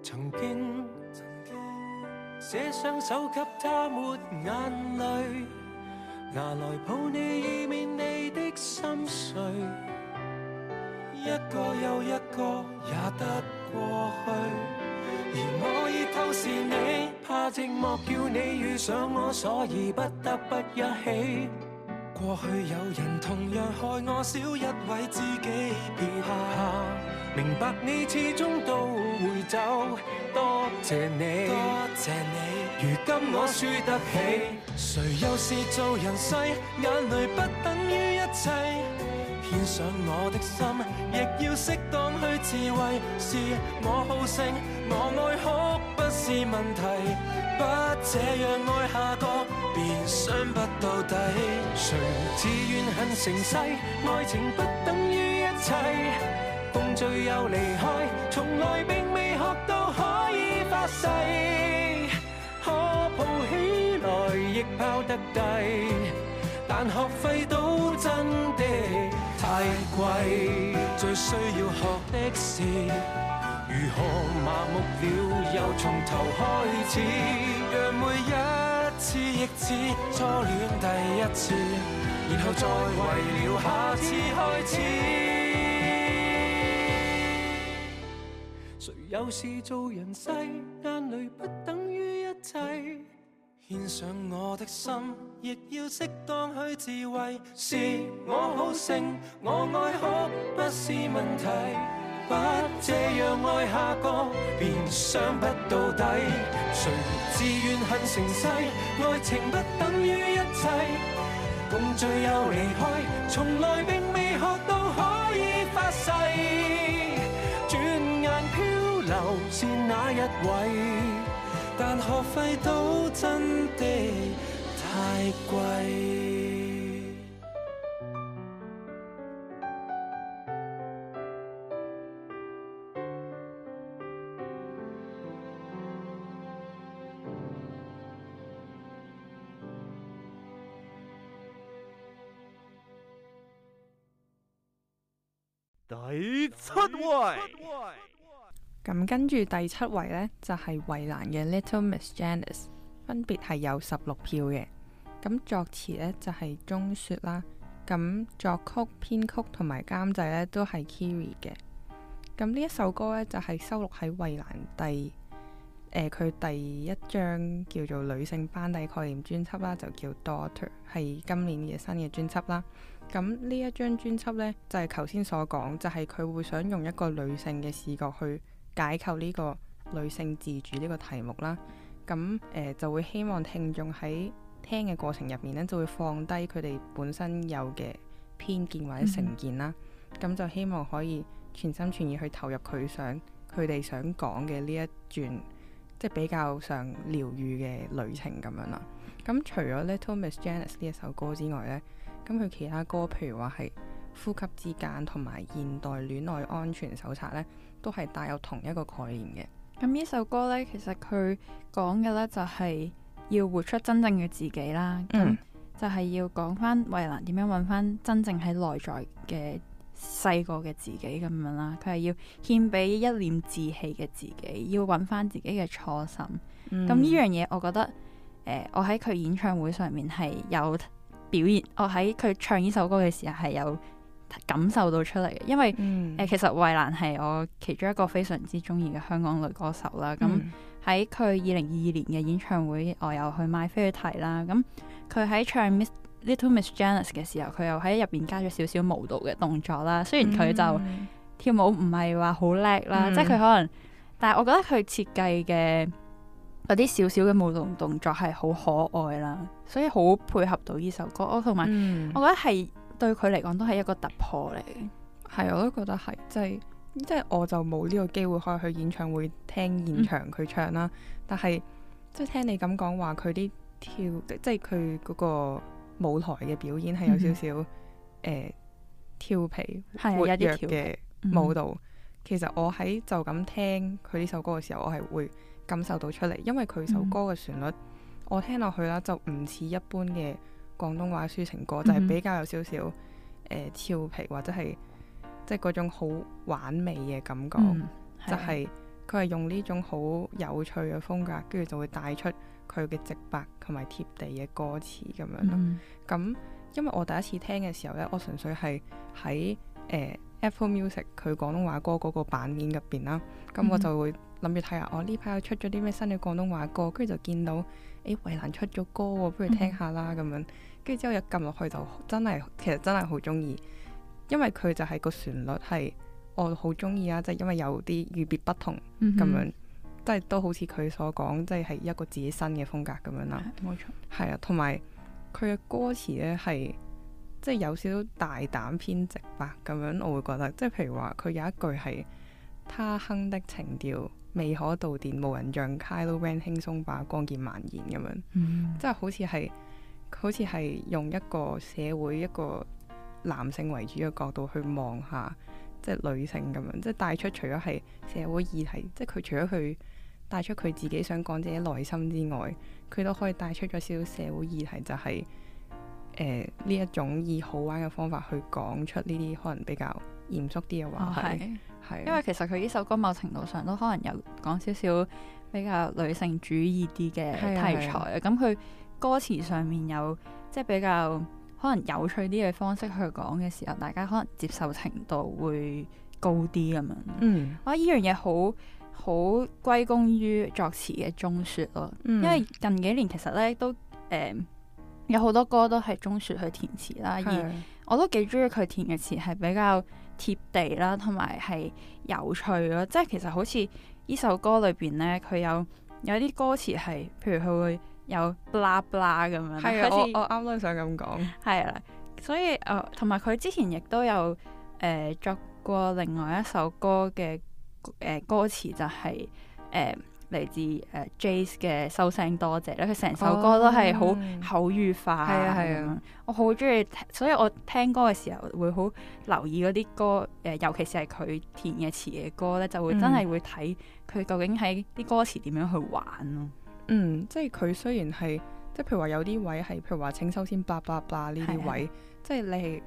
曾經，曾經，寫雙手給他抹眼淚，拿來抱你以免你的心碎，一個又一個也得過去。而我已偷視你，怕寂寞叫你遇上我，所以不得不一起。過去有人同樣害我少一位知己，別怕。明白你始終都會走，多謝你，多謝你。如今我輸得起，誰又是做人世？眼淚不等於一切。獻上我的心，亦要適當去自衛。是我好勝，我愛哭不是問題，不這樣愛下個便傷不到底。誰自願恨成世？愛情不等於一切，共聚又離開，從來並未學到可以發誓。可抱起來亦拋得低，但學費都真的。季最需要學的是如何麻木了，又從頭開始，讓每一次亦似初戀第一次，然後再為了下次開始。誰有事做人世眼淚不等於一切？獻上我的心，亦要適當去自衛。是我好勝，我愛哭不是問題。不這樣愛下個，便傷不到底。誰自願恨成世，愛情不等於一切。共聚又離開，從來並未學到可以發誓。轉眼漂流，是那一位？但學費都真的太貴。第七位。咁跟住第七位呢，就係衛蘭嘅《Little Miss Janice》，分別係有十六票嘅。咁作詞呢，就係鍾雪啦，咁作曲、編曲同埋監製呢，都係 Kiri 嘅。咁呢一首歌呢，就係收錄喺衛蘭第佢第一張叫做《女性班底概念》專輯啦，就叫《Daughter》，係今年嘅新嘅專輯啦。咁呢一張專輯咧就係頭先所講，就係、是、佢會想用一個女性嘅視角去。解構呢個女性自主呢個題目啦，咁誒、呃、就會希望聽眾喺聽嘅過程入面咧，就會放低佢哋本身有嘅偏見或者成見啦，咁、嗯、哼就希望可以全心全意去投入佢想佢哋想講嘅呢一轉即、就是、比較上療癒嘅旅程咁樣啦。咁除咗《Little Miss Janice》呢一首歌之外咧，咁佢其他歌譬如話係。呼吸之間，同埋現代戀愛安全手冊呢，都係帶有同一個概念嘅。咁呢首歌呢，其實佢講嘅呢，就係要活出真正嘅自己啦。嗯。就係要講翻衛蘭點樣揾翻真正喺內在嘅細個嘅自己咁樣啦。佢係要獻俾一念志氣嘅自己，要揾翻自己嘅初心。嗯。咁呢樣嘢，我覺得，呃，我喺佢演唱會上面係有表現，我喺佢唱呢首歌嘅時候係有。感受到出嚟，嘅，因為誒、嗯呃、其實衞蘭係我其中一個非常之中意嘅香港女歌手啦。咁喺佢二零二二年嘅演唱會，我又去買飛去睇啦。咁佢喺唱 Miss Little Miss Janice 嘅時候，佢又喺入邊加咗少少舞蹈嘅動作啦。雖然佢就跳舞唔係話好叻啦，嗯、即係佢可能，但係我覺得佢設計嘅嗰啲少少嘅舞蹈動作係好可愛啦，所以好配合到呢首歌。我同埋我覺得係。對佢嚟講都係一個突破嚟，係我都覺得係，即係即係我就冇呢個機會可以去演唱會聽現場佢唱啦。嗯、但係即係聽你咁講話，佢啲跳即係佢嗰個舞台嘅表演係有少少誒跳皮活躍嘅舞蹈。嗯、其實我喺就咁聽佢呢首歌嘅時候，我係會感受到出嚟，因為佢首歌嘅旋律、嗯、我聽落去啦，就唔似一般嘅。廣東話抒情歌就係、是、比較有少少誒俏皮或者係即係嗰種好玩味嘅感覺，嗯、就係佢係用呢種好有趣嘅風格，跟住就會帶出佢嘅直白同埋貼地嘅歌詞咁樣咯。咁、嗯、因為我第一次聽嘅時候咧，我純粹係喺誒 Apple Music 佢廣東話歌嗰個版面入邊啦，咁我就會諗住睇下，嗯哦、我呢排又出咗啲咩新嘅廣東話歌，跟住就見到誒、欸、衞蘭出咗歌喎，不如聽下啦咁樣。嗯跟住之後一撳落去就真係，其實真係好中意，因為佢就係個旋律係我好中意啊！即、就、係、是、因為有啲與別不同咁、嗯、哼樣，即、就、係、是、都好似佢所講，即係係一個自己新嘅風格咁樣啦。冇錯、嗯哼，係啊，同埋佢嘅歌詞咧係即係有少少大膽偏直白咁樣，我會覺得即係、就是、譬如話佢有一句係他哼的情調未可導電，無人讓開都輕鬆把光劍蔓延咁樣，即係、嗯、哼好似係。好似係用一個社會一個男性為主嘅角度去望下，即係女性咁樣，即係帶出除咗係社會議題，即係佢除咗佢帶出佢自己想講自己內心之外，佢都可以帶出咗少少社會議題，就係誒呢一種以好玩嘅方法去講出呢啲可能比較嚴肅啲嘅話題。係、哦，係係。因為其實佢呢首歌某程度上都可能有講少少比較女性主義啲嘅題材啊，咁佢係。歌詞上面有即係比較可能有趣啲嘅方式去講嘅時候，大家可能接受程度會高啲咁樣。嗯，我覺得依樣嘢好好歸功於作詞嘅鍾說咯。嗯、因為近幾年其實咧都誒、呃、有好多歌都係鍾說去填詞啦，的而我都幾中意佢填嘅詞係比較貼地啦，同埋係有趣咯。即係其實好似呢首歌裏邊咧，佢有有啲歌詞係，譬如佢會。有 bla、ah、bla 咁樣，係啊對始！我啱啱想咁講，係啦，所以誒，同埋佢之前亦都有誒、呃、作過另外一首歌嘅誒、呃、歌詞、就係，就係誒嚟自誒、呃、Jace 嘅《收聲多謝》啦。佢成首歌都係好口語化，係啊係啊！我好中意聽，所以我聽歌嘅時候會好留意嗰啲歌誒、呃，尤其是係佢填嘅詞嘅歌咧，就會真係會睇佢究竟喺啲歌詞點樣去玩咯。嗯嗯，即係佢雖然係，即係譬如話有啲位係，譬如話請收先八八八呢啲位，的即係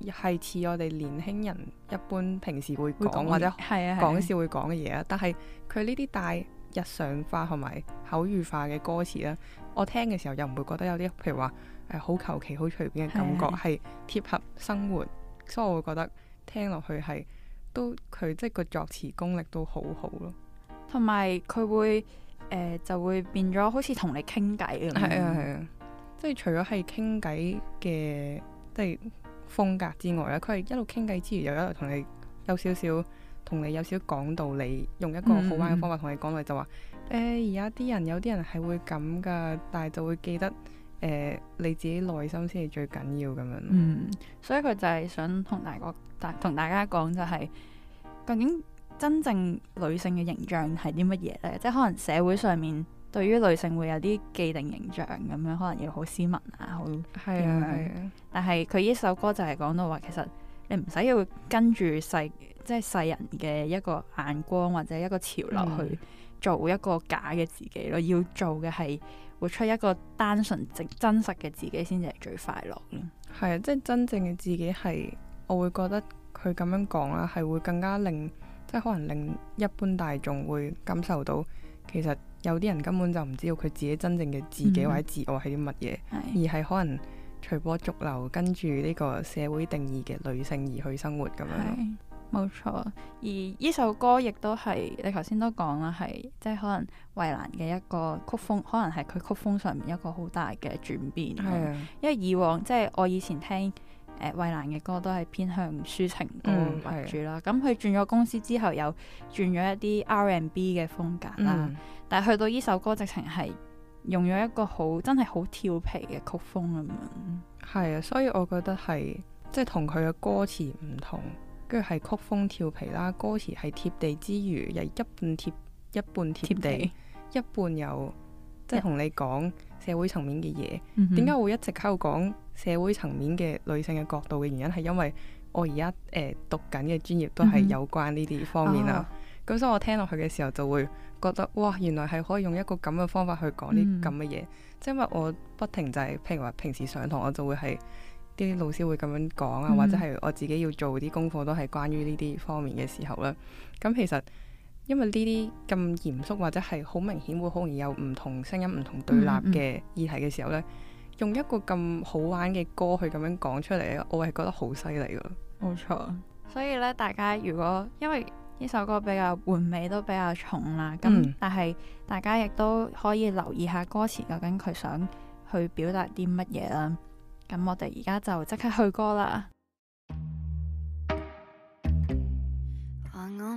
你係似我哋年輕人一般平時會講或者講笑會講嘅嘢啊，但係佢呢啲帶日常化同埋口語化嘅歌詞咧，我聽嘅時候又唔會覺得有啲譬如話誒好求其好隨便嘅感覺，係貼合生活，的所以我會覺得聽落去係都佢即係個作詞功力都好好咯，同埋佢會。誒、呃，就會變咗好似同你傾偈咁樣，係啊，係啊，即係除咗係傾偈嘅即係風格之外咧，佢係一路傾偈之餘又一路同你有少少同你有少少講道理，用一個好玩嘅方法同你講，嗯、就話誒，而家啲人有啲人係會咁噶，但係就會記得誒、呃，你自己內心先係最緊要咁樣。嗯，嗯，所以佢就係想同大家大同大家講就係、是，究竟真正女性嘅形象係啲乜嘢呢？即係可能社會上面對於女性會有啲既定形象咁樣，可能要好斯文啊，好咁、啊、樣。啊啊、但係佢呢首歌就係講到話，其實你唔使要跟住世即係世人嘅一個眼光或者一個潮流去做一個假嘅自己咯、嗯。要做嘅係活出一個單純、正真實嘅自己，先至係最快樂。係啊，即係真正嘅自己係，我會覺得佢咁樣講啦，係會更加令。即係可能令一般大眾會感受到，其實有啲人根本就唔知道佢自己真正嘅自己、嗯、或者自我係啲乜嘢，是而係可能隨波逐流跟住呢個社會定義嘅女性而去生活咁是樣。冇錯，而呢首歌亦都係你頭先都講啦，係即係可能衞蘭嘅一個曲風，可能係佢曲風上面一個好大嘅轉變的。因為以往即係我以前聽。誒衞、呃、蘭嘅歌都係偏向抒情歌為主啦，咁佢、嗯、轉咗公司之後，又轉咗一啲 R&B 嘅風格啦。嗯、但係去到呢首歌，直情係用咗一個好真係好調皮嘅曲風咁樣。係啊，所以我覺得係即係同佢嘅歌詞唔同，跟住係曲風調皮啦，歌詞係貼地之餘，又一半貼一半貼地，貼皮一半有即係同你講。嗯社會層面嘅嘢，點解會一直喺度講社會層面嘅女性嘅角度嘅原因係因為我而家誒讀緊嘅專業都係有關呢啲方面啦。咁、mm hmm. oh. 所以我聽落去嘅時候就會覺得哇，原來係可以用一個咁嘅方法去講啲咁嘅嘢。即係、mm hmm. 因為我不停就係、係，譬如話平時上堂我就會係啲老師會咁樣講啊，mm hmm. 或者係我自己要做啲功課都係關於呢啲方面嘅時候啦。咁其實。因為呢啲咁嚴肅或者係好明顯會好容易有唔同聲音、唔、嗯、同對立嘅議題嘅時候呢、嗯、用一個咁好玩嘅歌去咁樣講出嚟，我係覺得好犀利咯。冇、嗯、錯，所以呢，大家如果因為呢首歌比較換尾都比較重啦，咁、嗯、但係大家亦都可以留意下歌詞究竟佢想去表達啲乜嘢啦。咁我哋而家就即刻去歌啦。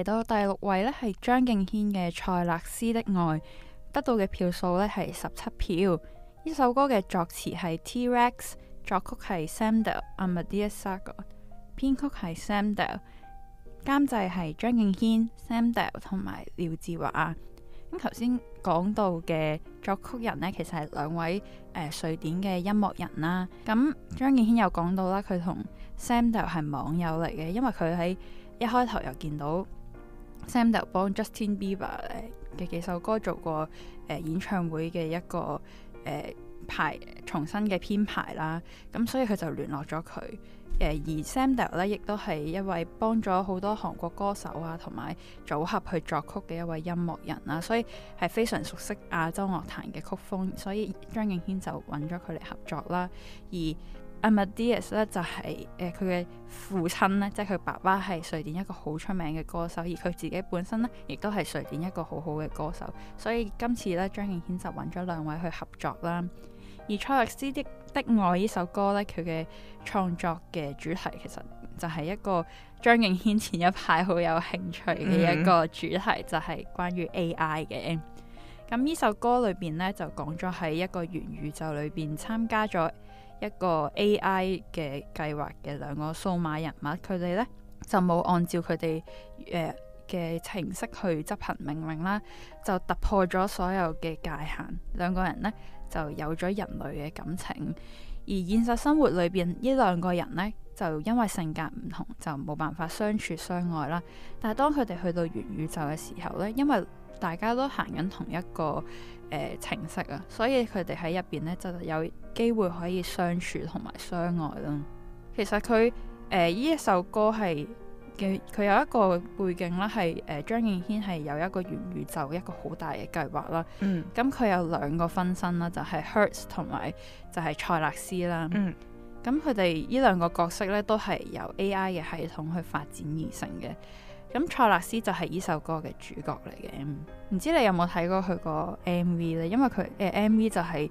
嚟到第六位咧，係張敬軒嘅《塞勒斯的愛》，得到嘅票數咧係十七票。呢首歌嘅作詞係 T-Rex，作曲係 Samdale Amadeus Sager 編曲係 Samdale 監製係張敬軒、Samdale 同埋廖智華。咁頭先講到嘅作曲人呢，其實係兩位誒、呃、瑞典嘅音樂人啦。咁張敬軒又講到啦，佢同 Samdale 係網友嚟嘅，因為佢喺一開頭又見到。Samdal 幫 Justin Bieber 嘅幾首歌做過誒演唱會嘅一個誒、呃、排重新嘅編排啦，咁、啊、所以佢就聯絡咗佢誒，而 Samdal 咧亦都係一位幫咗好多韓國歌手啊同埋組合去作曲嘅一位音樂人啦、啊，所以係非常熟悉亞洲樂壇嘅曲風，所以張敬軒就揾咗佢嚟合作啦、啊，而。阿 Matias 咧就係誒佢嘅父親咧，即係佢爸爸係瑞典一個好出名嘅歌手，而佢自己本身咧亦都係瑞典一個好好嘅歌手。所以今次咧，張敬軒就揾咗兩位去合作啦。而《蔡律斯的的愛》呢首歌咧，佢嘅創作嘅主題其實就係一個張敬軒前一排好有興趣嘅一個主題，mm hmm. 就係關於 AI 嘅。咁呢首歌裏邊咧就講咗喺一個元宇宙裏邊參加咗。一個 A.I. 嘅計劃嘅兩個數碼人物，佢哋呢就冇按照佢哋呃嘅程式去執行命令啦，就突破咗所有嘅界限。兩個人呢就有咗人類嘅感情，而現實生活裏邊呢兩個人呢，就因為性格唔同，就冇辦法相處相愛啦。但係當佢哋去到元宇宙嘅時候呢，因為大家都行緊同一個誒程式啊，所以佢哋喺入邊咧就有機會可以相處同埋相愛咯。其實佢誒呢一首歌係嘅，佢有一個背景啦，係、呃、誒張敬軒係有一個元宇宙一個好大嘅計劃啦。嗯，咁佢有兩個分身啦，就係、是、Hurts 同埋就係塞勒斯啦。嗯，咁佢哋呢兩個角色咧都係由 AI 嘅系統去發展而成嘅。咁蔡勒斯就係呢首歌嘅主角嚟嘅，唔知你有冇睇過佢個 M V 咧？因為佢嘅 M V 就係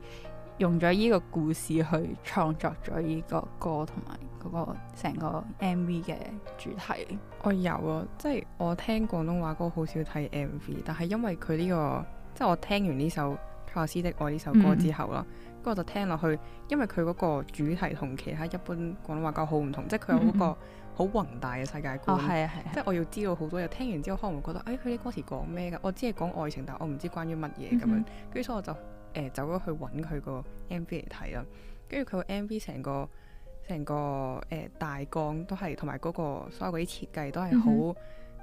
用咗呢個故事去創作咗呢個歌同埋嗰個成個 M V 嘅主題。我有啊，即係我聽廣東話歌好少睇 M V，但係因為佢呢個，即係我聽完呢首蔡勒斯的愛呢首歌之後啦，咁，嗯，我就聽落去，因為佢嗰個主題同其他一般廣東話歌好唔同，即係佢有嗰個。嗯嗯好宏大嘅世界觀，哦啊啊、即係我要知道好多嘢。啊、聽完之後可能會覺得，誒佢啲歌詞講咩㗎？我知係講愛情，但我唔知關於乜嘢咁樣。跟住所以我就誒、呃、走咗去揾佢個 MV 嚟睇啦。跟住佢個 MV 成個成個誒大缸都係，同埋嗰個所有嗰啲設計都係好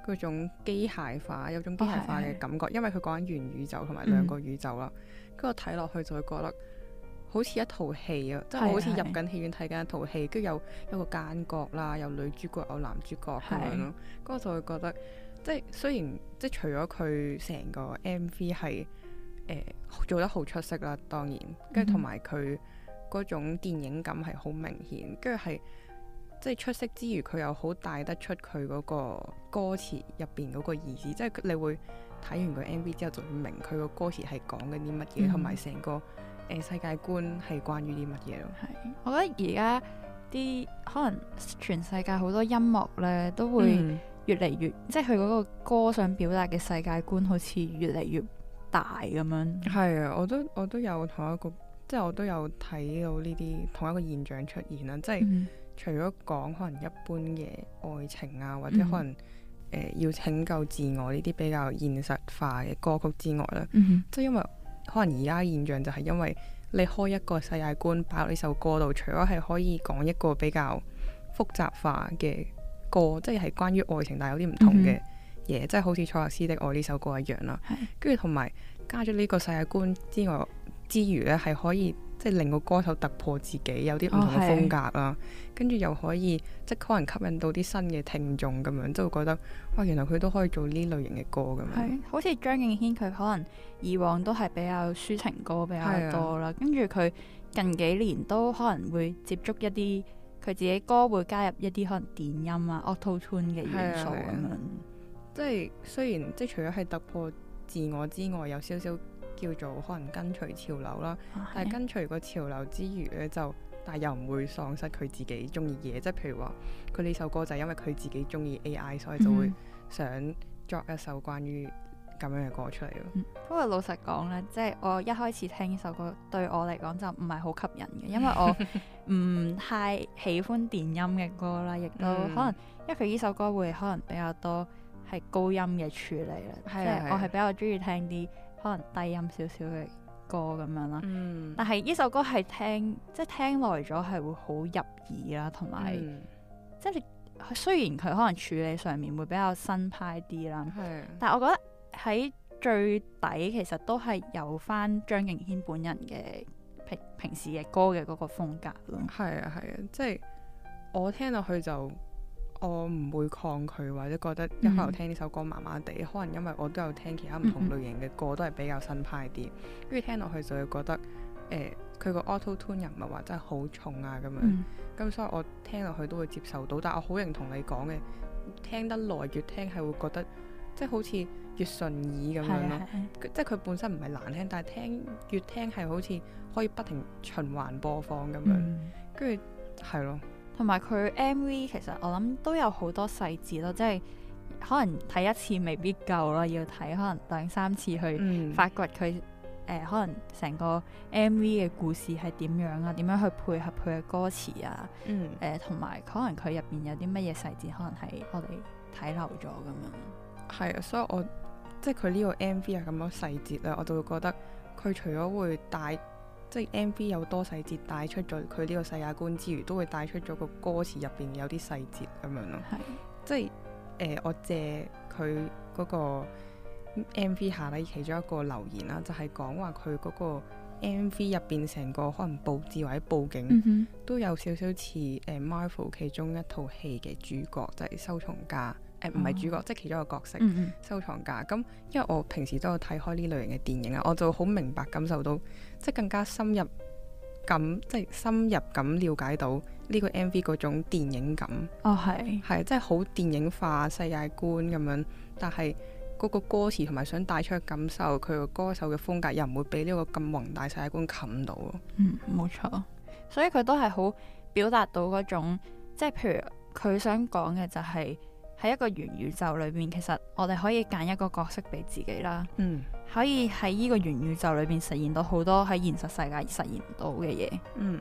嗰種機械化，有種機械化嘅感覺。嗯、哼因為佢講緊元宇宙同埋兩個宇宙啦，跟住、嗯哼嗯、我睇落去就會覺得。好似一套戲啊，即係好似入緊戲院睇緊一套戲，跟住有一個間角啦，有女主角有男主角咁樣咯。嗰個對就會覺得，即係雖然即係除咗佢成個 M V 係誒、呃、做得好出色啦，當然跟住同埋佢嗰種電影感係好明顯，跟住係即係出色之餘，佢又好帶得出佢嗰個歌詞入邊嗰個意思，即、就、係、是、你會睇完個 M V 之後，就會明佢、嗯、個歌詞係講緊啲乜嘢，同埋成個。誒，世界觀係關於啲乜嘢咯。係，我覺得而家啲可能全世界好多音樂咧，都會越嚟越，嗯、即係佢嗰個歌想表達嘅世界觀，好似越嚟越大咁樣。係啊，我都我都有同一個，即係我都有睇到呢啲同一個現象出現啦。即係除咗講可能一般嘅愛情啊，或者可能誒、嗯哼呃、要拯救自我呢啲比較現實化嘅歌曲之外啦，嗯、哼即係因為。可能而家現象就係因為你開一個世界觀擺落呢首歌度，除咗係可以講一個比較複雜化嘅歌，即係係關於愛情，但係有啲唔同嘅嘢，mm hmm. 即係好似《蔡格斯的愛》呢首歌一樣啦。跟住同埋加咗呢個世界觀之外之餘咧，係可以。即令個歌手突破自己，有啲唔同嘅風格啦，跟住、哦、又可以即可能吸引到啲新嘅聽眾咁樣，即會覺得哇，原來佢都可以做呢類型嘅歌咁樣。好似張敬軒佢可能以往都係比較抒情歌比較多啦，跟住佢近幾年都可能會接觸一啲佢自己歌會加入一啲可能電音啊、auto tune 嘅元素咁樣。即係雖然即除咗係突破自我之外，有少少。叫做可能跟隨潮流啦，哦、但係跟隨個潮流之餘咧，就但係又唔會喪失佢自己中意嘢，即係譬如話佢呢首歌就係因為佢自己中意 AI，所以就會想作一首關於咁樣嘅歌出嚟咯。不過、嗯嗯、老實講咧，即、就、係、是、我一開始聽呢首歌，對我嚟講就唔係好吸引嘅，因為我唔太喜歡電音嘅歌啦，亦 <laughs> 都可能因為佢呢首歌會可能比較多係高音嘅處理啦，即係、嗯、我係比較中意聽啲。可能低音少少嘅歌咁樣啦，嗯、但係呢首歌係聽即係、就是、聽耐咗係會好入耳啦，同埋、嗯、即係雖然佢可能處理上面會比較新派啲啦，啊、但係我覺得喺最底其實都係有返張敬軒本人嘅平平時嘅歌嘅嗰個風格咯。係啊係啊，即係、啊就是、我聽落去就。我唔會抗拒或者覺得一開頭聽呢首歌麻麻地，嗯、可能因為我都有聽其他唔同類型嘅歌，嗯、都係比較新派啲，跟住聽落去就會覺得誒佢個 auto tune 又唔係話真係好重啊咁樣，咁、嗯、所以我聽落去都會接受到。但係我好認同你講嘅，聽得耐越聽係會覺得即係好似越順耳咁樣咯，嗯、即係佢本身唔係難聽，但係聽越聽係好似可以不停循環播放咁樣，跟住係咯。同埋佢 M V 其實我諗都有好多細節咯，即係可能睇一次未必夠咯，要睇可能兩三次去發掘佢誒、嗯呃、可能成個 M V 嘅故事係點樣啊？點樣去配合佢嘅歌詞啊？誒同埋可能佢入邊有啲乜嘢細節，可能係我哋睇漏咗咁樣。係啊，所以我即係佢呢個 M V 係咁多細節啊，我就會覺得佢除咗會帶。即係 M V 有多細節帶出咗佢呢個世界觀之餘，都會帶出咗個歌詞入邊有啲細節咁樣咯。係是即係誒、呃，我借佢嗰個 M V 下底其中一個留言啦，就係講話佢嗰個 M V 入邊成個可能佈置或者佈景、mm hmm. 都有少少似誒、呃、Marvel 其中一套戲嘅主角就係收藏家誒，唔係主角，即係、呃 oh. 其中一個角色、mm hmm. 收藏家。咁因為我平時都有睇開呢類型嘅電影啊，我就好明白感受到。即更加深入感，即係深入感了解到呢個 MV 嗰種電影感。哦，係，係，即係好電影化世界觀咁樣，但係嗰個歌詞同埋想帶出去感受，佢個歌手嘅風格又唔會俾呢個咁宏大世界觀冚到咯。嗯，冇錯，所以佢都係好表達到嗰種，即係譬如佢想講嘅就係喺一個元宇宙裏邊，其實我哋可以揀一個角色俾自己啦。嗯。可以喺呢個元宇宙裏邊實現到好多喺現實世界實現唔到嘅嘢。嗯，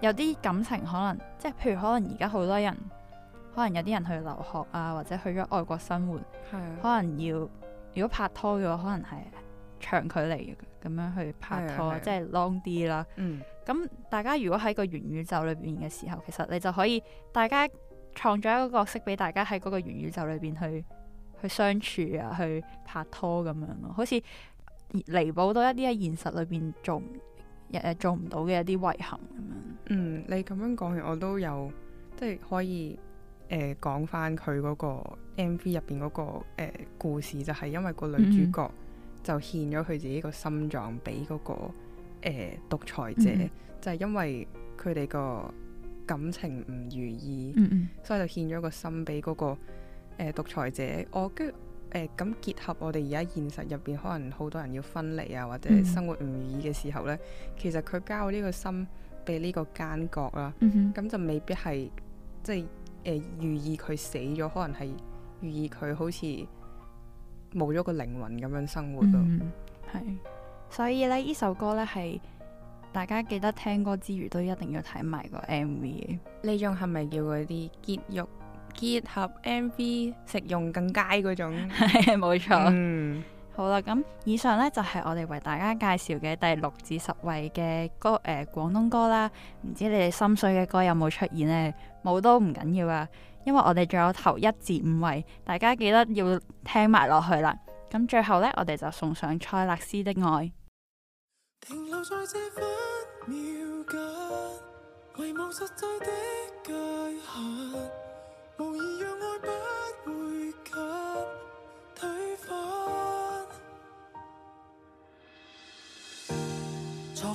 有啲感情可能，即係譬如可能而家好多人，可能有啲人去留學啊，或者去咗外國生活，的可能要如果拍拖嘅話，可能係長距離咁樣去拍拖，即係 long 啲啦。咁、嗯、大家如果喺個元宇宙裏邊嘅時候，其實你就可以大家創造一個角色俾大家喺嗰個元宇宙裏邊去。去相處啊，去拍拖咁樣咯，好似彌補到一啲喺現實裏邊做唔做唔到嘅一啲遺憾咁樣。嗯，你咁樣講完，我都有即係可以誒講翻佢嗰個 MV 入邊嗰個誒、呃、故事，就係、是、因為個女主角就獻咗佢自己心臟、那個心臟俾嗰個誒獨裁者，嗯嗯就係因為佢哋個感情唔如意，嗯嗯所以就獻咗個心俾嗰、那個。誒獨裁者，我跟誒咁結合我哋而家現實入邊，可能好多人要分離啊，或者生活唔如意嘅時候呢，其實佢交呢個心俾呢個奸角啦，咁、嗯、哼就未必係即係誒寓意佢死咗，可能係寓意佢好似冇咗個靈魂咁樣生活咯。係、嗯，所以呢，呢首歌呢，係大家記得聽歌之餘，都一定要睇埋個 M V 呢種係咪叫嗰啲結肉？結合 MV 食用更佳嗰種，冇錯 <laughs> 錯。嗯，好啦，咁以上呢就係、是、我哋為大家介紹嘅第六至十位嘅歌誒廣、呃、東歌啦。唔知你哋心水嘅歌有冇出現呢？冇都唔緊要啊，因為我哋仲有頭一至五位，大家記得要聽埋落去啦。咁最後呢，我哋就送上蔡勒斯的愛。停留在這份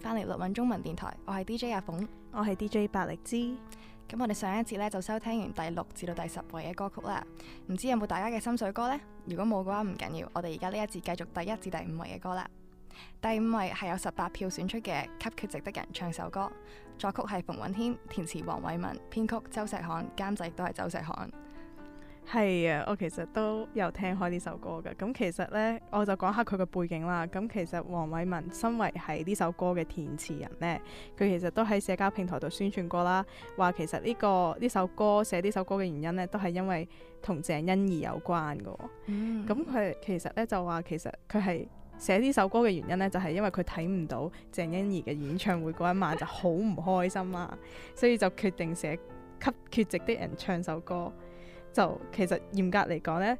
翻嚟《律韻中文電台》，我係 DJ 阿鳳，我係 DJ 百力滋。咁我哋上一節咧就收聽完第六至到第十位嘅歌曲啦。唔知有冇大家嘅心水歌呢？如果冇嘅話唔緊要，我哋而家呢一節繼續第一至第五位嘅歌啦。第五位係有十八票選出嘅，極缺值得人唱首歌。作曲係馮允謙，填詞黃偉文，編曲周石漢，監製都係周石漢。係啊，我其實都有聽開呢首歌噶。咁其實呢，我就講下佢嘅背景啦。咁其實黃偉文身為係呢首歌嘅填詞人呢，佢其實都喺社交平台度宣傳過啦，話其實呢、呢個呢首歌寫呢首歌嘅原因呢，都係因為同鄭欣宜有關噶。咁佢、嗯、其實呢，就話，其實佢係寫呢首歌嘅原因呢，就係、係、因為佢睇唔到鄭欣宜嘅演唱會嗰一晚 <laughs> 就好唔開心啊，所以就決定寫給缺席的人唱首歌。就其實嚴格嚟講，呢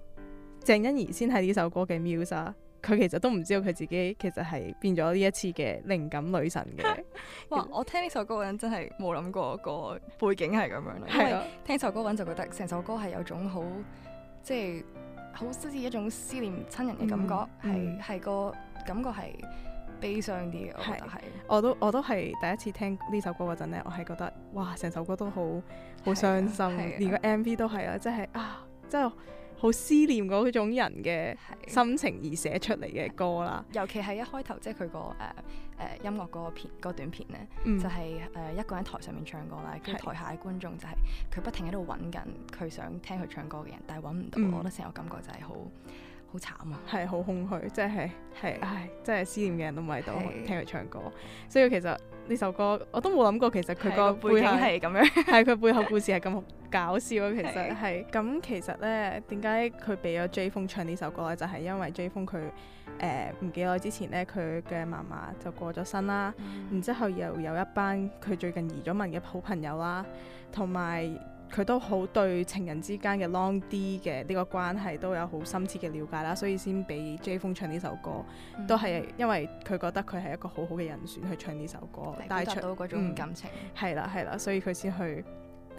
鄭欣宜先係呢首歌嘅 muse、er, 啊！佢其實都唔知道佢自己其實係變咗呢一次嘅靈感女神嘅。 <laughs> 哇！實我聽呢首歌嗰陣真係冇諗過個背景係咁樣，的因為聽首歌嗰陣就覺得成首歌係有種即好即係好似一種思念親人嘅感覺，係係、嗯嗯、個感覺係悲傷啲嘅。係的，我都我都係第一次聽呢首歌嗰陣咧，我係覺得哇！成首歌都好。好傷心，的連個 MV 都係的啊，即係啊，即係好思念嗰種人嘅心情而寫出嚟嘅歌啦。尤其係一開頭，即係佢個誒誒音樂嗰個片嗰個短片呢，嗯、就係、是、誒、呃、一個人喺台上面唱歌啦，台下嘅觀眾就係佢不停喺度揾緊佢想聽佢唱歌嘅人，的但係揾唔到。嗯、我覺得成個感覺就係好。好慘啊，係好空虛，即係係，是唉，即係思念嘅人都唔喺度，是聽佢唱歌，所以其實呢首歌我都冇諗過，其實佢個背，後背景係咁樣，係佢 <laughs> 背後故事係咁搞笑啊！其實係，咁其實咧，點解佢俾咗 Jay Fung 唱呢首歌咧？就係、是、因為 Jay Fung 佢誒，唔幾耐之前咧，佢嘅嫲嫲就過咗身啦，嗯、然之後又有一班佢最近移咗民嘅好朋友啦，同埋。佢都好對情人之間嘅 long d 嘅呢個關係都有好深切嘅了解啦，所以先俾 Jay Fung 唱呢首歌，嗯、都係因為佢覺得佢係一個好好嘅人選去唱呢首歌，帶出、嗯、是到嗰種感情。係啦係啦，所以佢先去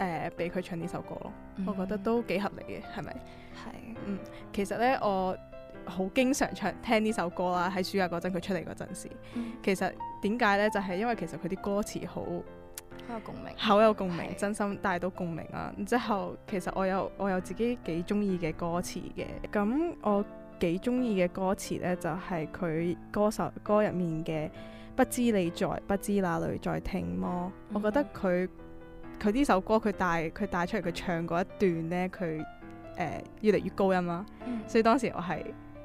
誒俾佢唱呢首歌咯。嗯、我覺得都幾合理嘅，係咪？係的。嗯，其實咧我好經常唱聽呢首歌啦，喺暑假嗰陣佢出嚟嗰陣時，嗯、其實點解咧就係、是、因為其實佢啲歌詞好，共鳴，口有共鳴，共鳴是真心帶到共鳴啊！然之後，其實我有我有自己幾中意嘅歌詞嘅，咁我幾中意嘅歌詞呢，就係、是、佢歌手歌入面嘅《不知你在，不知哪裏在聽麼》哦。嗯、我覺得佢佢呢首歌佢帶佢帶出嚟佢唱嗰一段呢，佢誒、呃、越嚟越高音啦，嗯、所以當時我係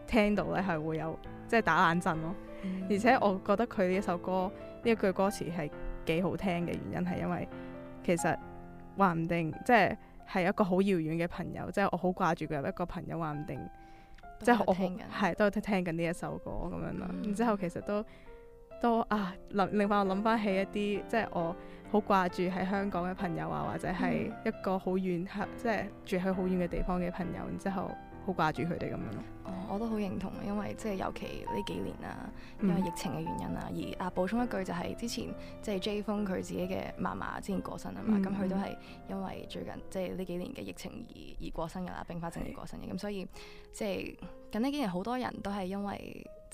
聽到咧係會有即係打冷震咯，嗯、而且我覺得佢呢首歌呢一句歌詞係。幾好聽嘅原因係因為其實話唔定即係係一個好遙遠嘅朋友，即係我好掛住嘅一個朋友，話唔定即係我係都聽緊呢一首歌咁樣咯。嗯、然之後其實都都啊，令令翻我諗翻起一啲即係我好掛住喺香港嘅朋友啊，或者係一個好遠即係、嗯、住喺好遠嘅地方嘅朋友，然之後。好掛住佢哋咁樣咯，哦，我我都好認同，因為即係尤其呢幾年啊，因為疫情嘅原因啊，嗯、而啊補充一句就係、是、之前即係 J 鳳佢自己嘅嫲嫲之前過身啊嘛，咁佢都係因為最近即係呢幾年嘅疫情而而過身嘅啦，併發症而過身嘅。咁、嗯、所以即係近呢幾年好多人都係因為。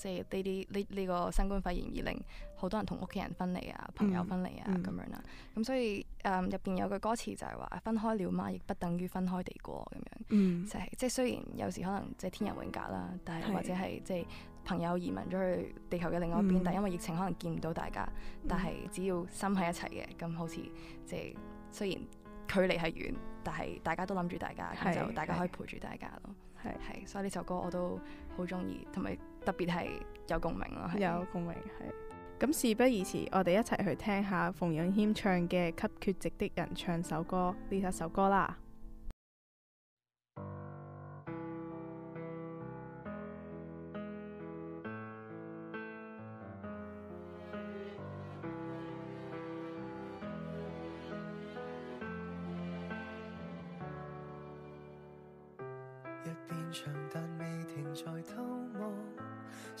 即係呢啲呢呢個新冠肺炎而令好多人同屋企人分離啊，朋友分離啊咁樣啦。咁所以誒入邊有句歌詞就係話分開了嗎？亦不等於分開地過咁樣。嗯，即係即係雖然有時可能即係天人永隔啦，但係或者係即係朋友移民咗去地球嘅另外一邊，但係因為疫情可能見唔到大家，但係只要心喺一齊嘅，咁好似即係雖然距離係遠，但係大家都諗住大家，咁就大家可以陪住大家咯。係係，所以呢首歌我都好鍾意，同埋。特別係有共鳴咯，有共鳴係。咁事不宜遲，我哋一齊去聽下馮允謙唱嘅《給缺席的人》唱首歌，呢首歌啦。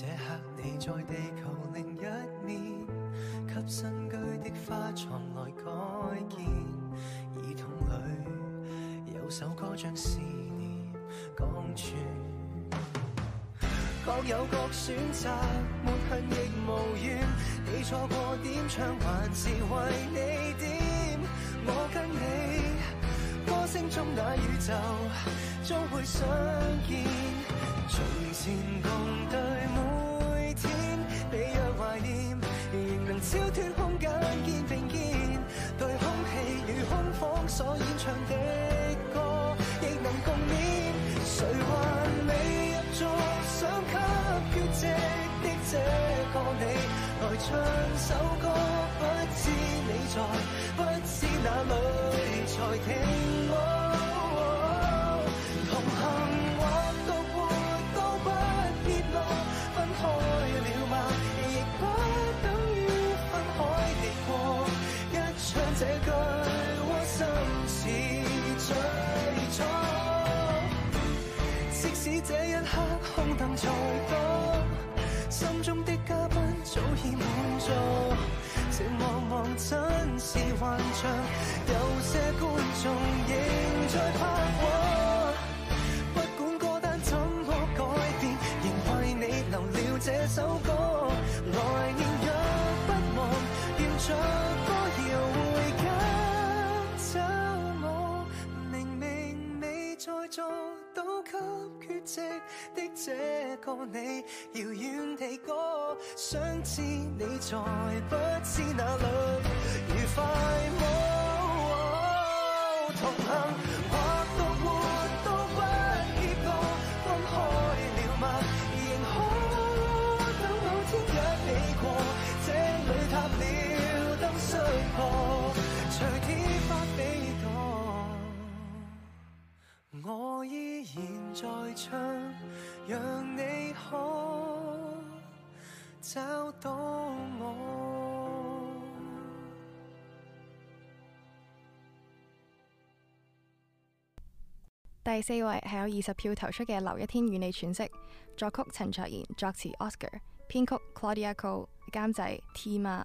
這刻你在地球另一面，給新居的花床來改建，耳筒裏有首歌像思念講穿。各有各選擇，沒恨亦無怨。你錯過點唱，還是為你點？我跟你，歌聲中那宇宙，終會相見。從前共對。你來唱首歌，不知你在，不知哪裏才停落。同行或獨活都不怯懦，分開了嗎？亦不等於分開跌過。一唱這句，我心似醉彩。即使這一刻空等再多，心中的。寂寞望真是幻象，有些觀眾仍在拍和，不管歌單怎麼改變，仍為你留了這首歌。來年若不忘。要再。交給缺席的這個你，遙遠地歌，想知你在不知哪裏，愉快冇同行。我依然在唱，讓你可找到我。第四位係有二十票投出嘅《劉一天與你喘息》，作曲陳卓賢，作詞 Oscar，編曲 Claudia Cole，監製 Tima。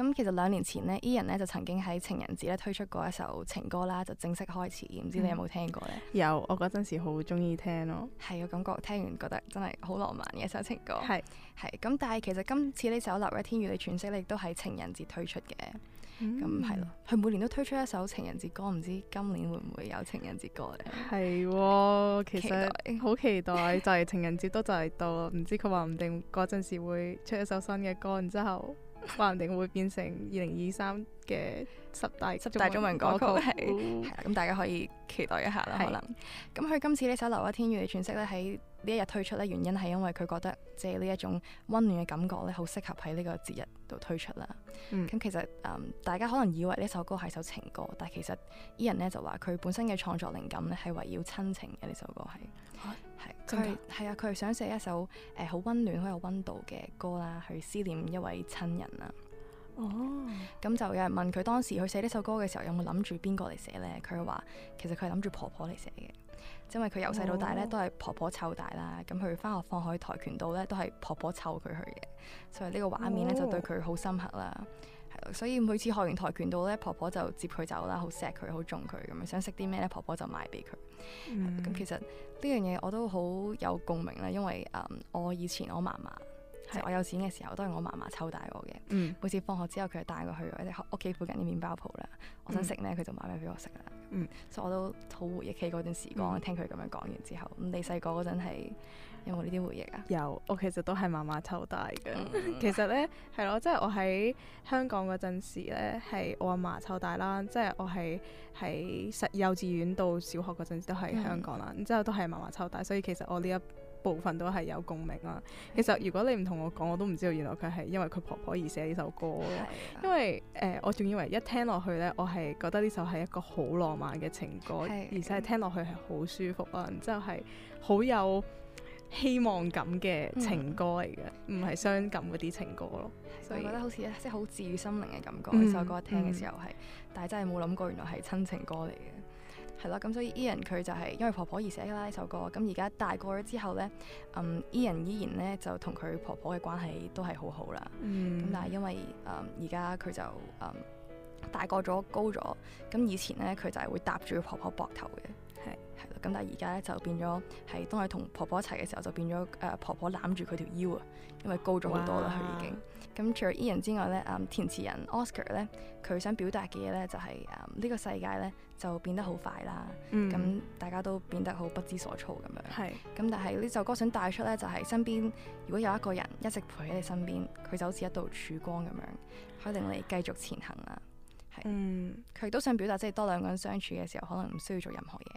咁其實兩年前呢 Eason 咧就曾經喺情人節咧推出過一首情歌啦，就正式開始。唔知你有冇聽過呢？嗯、有，我嗰陣時好中意聽咯。係我感覺聽完覺得真係好浪漫嘅一首情歌。係係咁，但係其實今次呢首《留一天與你喘息》咧，亦都係情人節推出嘅。咁係咯，佢對、嗯、每年都推出一首情人節歌，唔知今年會唔會有情人節歌呢？係喎、哦， <laughs> 其實好期待， <laughs> 就係情人節都就嚟到唔 <laughs> 知佢話唔定嗰陣時會出一首新嘅歌，然後之後。話唔 <laughs> 定會變成二零二三。嘅十大十大中文歌曲係啦，咁、哦、大家可以期待一下啦。是可能咁佢今次呢首《留一天與你喘息》咧，喺呢一日推出咧，原因係因為佢覺得即係呢一種温暖嘅感覺咧，好適合喺呢個節日度推出啦。咁其實大家可能以為呢首歌係首情歌，但其實 Ian 咧就話，佢本身嘅創作靈感咧係圍繞親情嘅呢首歌係，係佢係啊，佢係的、啊、想寫一首誒好温暖、好有温度嘅歌啦，去思念一位親人啦。哦，咁、oh. 就有人問佢當時佢寫呢首歌嘅時候有冇諗住邊個嚟寫呢？佢話其實佢諗住婆婆嚟寫嘅，因為佢由細到大咧都係婆婆湊大啦，咁佢翻學放學去跆拳道咧都係婆婆湊佢去嘅，所以呢個畫面咧就對佢好深刻啦、oh.。所以每次學完跆拳道咧，婆婆就接佢走啦，好錫佢，好中佢咁樣，想食啲咩咧，婆婆就買俾佢。咁、mm. 其實呢樣嘢我都好有共鳴啦，因為、嗯、我以前我嫲嫲。其實我有錢嘅時候都係我嫲嫲湊大我嘅，嗯、每次放學之後佢帶我去我哋屋企附近啲麵包鋪啦，我想食咩佢就買咩俾我食啦。嗯，所以我都好回憶起嗰段時光。嗯、聽佢咁樣講完之後，咁你細個嗰陣係有冇呢啲回憶啊？有，我其實都係嫲嫲湊大嘅。嗯、 <laughs> 其實呢，係咯，即、就、係、是、我喺香港嗰陣時咧係我阿嫲湊大啦，即、就、係、是、我係喺幼稚園到小學嗰陣都喺香港啦，之後、嗯、都係嫲嫲湊大，所以其實我呢一部分都係有共鳴啊。其實如果你唔同我講，我都唔知道原來佢係因為佢婆婆而寫呢首歌。的因為誒、呃，我仲以為一聽落去呢，我係覺得呢首係一個好浪漫嘅情歌，的而且係聽落去係好舒服啊，然之後係好有希望感嘅情歌嚟嘅，唔係傷感嗰啲情歌咯。所以我覺得好似即係好治愈心靈嘅感覺。呢首歌一聽嘅時候係，嗯、但係真係冇諗過原來係親情歌嚟嘅。係啦，咁所以伊人佢就係因為婆婆而寫嘅啦，呢首歌。咁而家大個咗之後咧，嗯，伊人依然咧就同佢婆婆嘅關係都係好好啦。咁、嗯、但係因為，嗯、呃，而家佢就，嗯、呃，大個咗高咗，咁以前咧佢就係會搭住婆婆膊頭嘅，係係啦。咁但係而家咧就變咗係當係同婆婆一齊嘅時候就變咗，誒、呃，婆婆攬住佢條腰啊，因為高咗好多啦佢已經。咁除咗 Ian 之外咧，誒填詞人 Oscar 咧，佢想表達嘅嘢咧就係誒呢個世界咧就變得好快啦，咁、嗯、大家都變得好不知所措咁樣。係是。咁但係呢首歌想帶出咧就係、是、身邊如果有一個人一直陪喺你身邊，佢就好似一道曙光咁樣，可以令你繼續前行啦。係。佢、嗯、都想表達，即、就、係、是、多兩個人相處嘅時候，可能唔需要做任何嘢，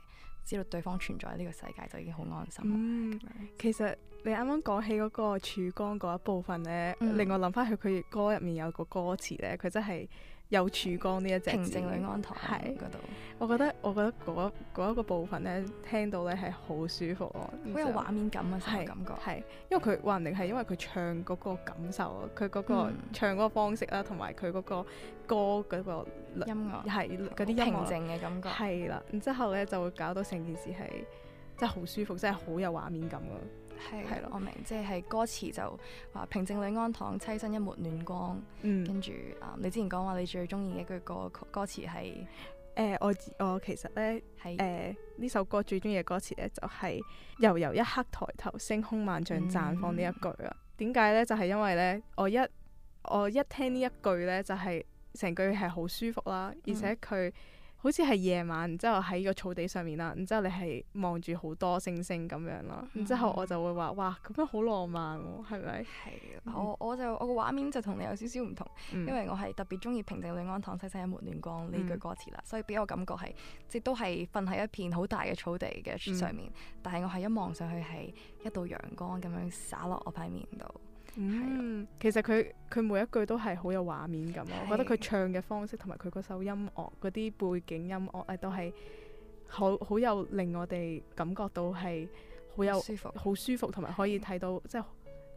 知道對方存在呢個世界就已經好安心、嗯。其實。你啱啱講起嗰個曙光嗰一部分咧，嗯、令我諗翻起佢歌入面有個歌詞咧，佢真係有曙光呢一隻字，平安躺喺度。我覺得我覺得嗰一個部分咧，聽到咧係好舒服好有畫面感嘅、啊、就感覺。係因為佢，話唔定係因為佢唱嗰個感受，佢嗰個唱嗰個方式啦，同埋佢嗰個歌嗰、嗰個音樂係嗰啲音樂平靜嘅感覺係啦。然之後咧就會搞到成件事係真係好舒服，真係好有畫面感咯。係，係咯，我明。即係歌詞就話平靜裏安躺，棲身一抹暖光。嗯，跟住啊，你之前講話你最中意嘅一句歌曲歌詞係誒，我我其實咧，係誒呢首歌最中意嘅歌詞咧就係悠悠一刻抬頭，星空萬象綻放呢一句啊。點解咧？就係、是、因為咧，我一我一聽呢一句咧，就係、是、成句係好舒服啦，而且佢、嗯。好似係夜晚，然之後喺個草地上面啦，然之後你係望住好多星星咁樣咯，然之後我就會話：哇，咁樣好浪漫喎、啊，係咪？係、嗯，我就我就我個畫面就同你有少少唔同，嗯、因為我係特別中意平靜裡安躺，細細一縷暖光呢句歌詞啦，嗯、所以俾我感覺係，即是都係瞓喺一片好大嘅草地嘅上面，嗯、但係我係一望上去係一道陽光咁樣灑落我塊面度。嗯，的其實佢佢每一句都係好有畫面咁，的我覺得佢唱嘅方式同埋佢嗰首音樂嗰啲背景音樂誒，都係好好有令我哋感覺到係好有舒服、好舒服同埋可以睇到的即係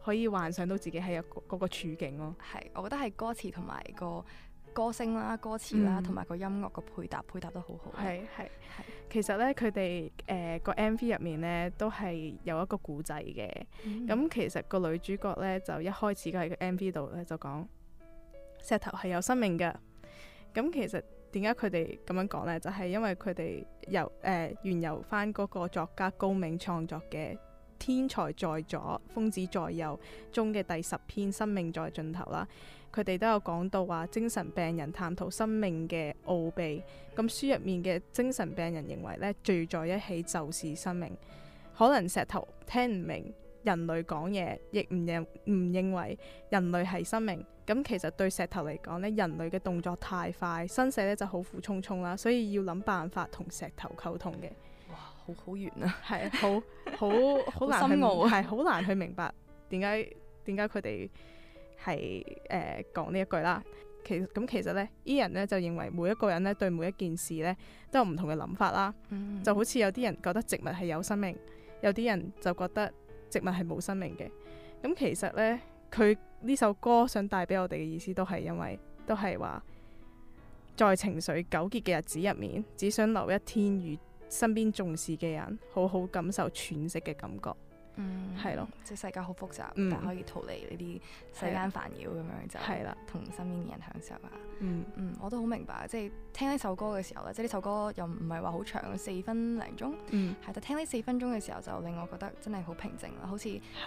可以幻想到自己喺有嗰、嗰個嗰個處境咯。係，我覺得係歌詞同埋個歌聲啦、歌詞啦同埋個音樂個配搭、嗯、配搭得好好。係係係。其實咧，佢哋誒個 MV 入面咧都係有一個古仔嘅。咁、mm hmm. 其實個女主角咧就一開始佢喺個 MV 度咧就講，石頭係有生命嘅。咁其實點解佢哋咁樣講呢？就係、是、因為佢哋由誒原、呃、由翻嗰個作家高銘創作嘅《天才在左，瘋子在右》中嘅第十篇《生命在盡頭》啦。佢哋都有講到話精神病人探討生命嘅奧秘。咁書入面嘅精神病人認為咧，聚在一起就是生命。可能石頭聽唔明人類講嘢，亦唔認唔認為人類係生命。咁其實對石頭嚟講咧，人類嘅動作太快，伸手咧就好苦沖沖啦，所以要諗辦法同石頭溝通嘅。哇，好好遠啊！係， <laughs> 好好好難去係 <laughs> 好深奧好難去明白點解點解佢哋。係誒，講呢一句啦，其實咁其實咧，啲人咧就認為每一個人咧對每一件事咧都有唔同嘅諗法啦，mm hmm. 就好似有啲人覺得植物係有生命，有啲人就覺得植物係冇生命嘅。咁其實呢，佢呢首歌想帶俾我哋嘅意思都係因為都係話，在情緒糾結嘅日子入面，只想留一天與身邊重視嘅人好好感受喘息嘅感覺。嗯，係咯的，即係世界好複雜，嗯、但可以逃離呢啲世間煩擾咁樣的就，係啦，同身邊嘅人享受下。嗯嗯，我都好明白，即係聽呢首歌嘅時候咧，即係呢首歌又唔係話好長，四分零鐘。嗯。係，但聽呢四分鐘嘅時候就令我覺得真係好平靜啦，好似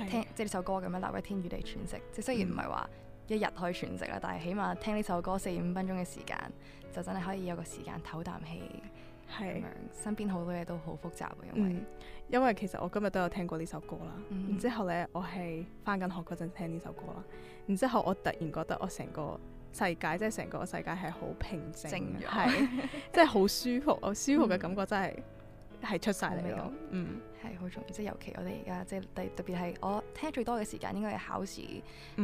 聽的即係呢首歌咁樣，留一天與地喘息。即係雖然唔係話一日可以喘息啦，嗯、但係起碼聽呢首歌四五分鐘嘅時間，就真係可以有個時間唞啖氣。係的。咁樣，身邊好多嘢都好複雜，因為，因為嗯因為其實我今日都有聽過呢首歌啦、嗯嗯，然之後咧我係翻緊學嗰陣聽呢首歌啦，然之後我突然覺得我成個世界，即係成個世界係好平靜，係了，即係好舒服，我、嗯、舒服嘅感覺真係係出晒嚟咯，嗯，係好、嗯、重要，即係尤其我哋而家即係特特別係我聽最多嘅時間應該係考試，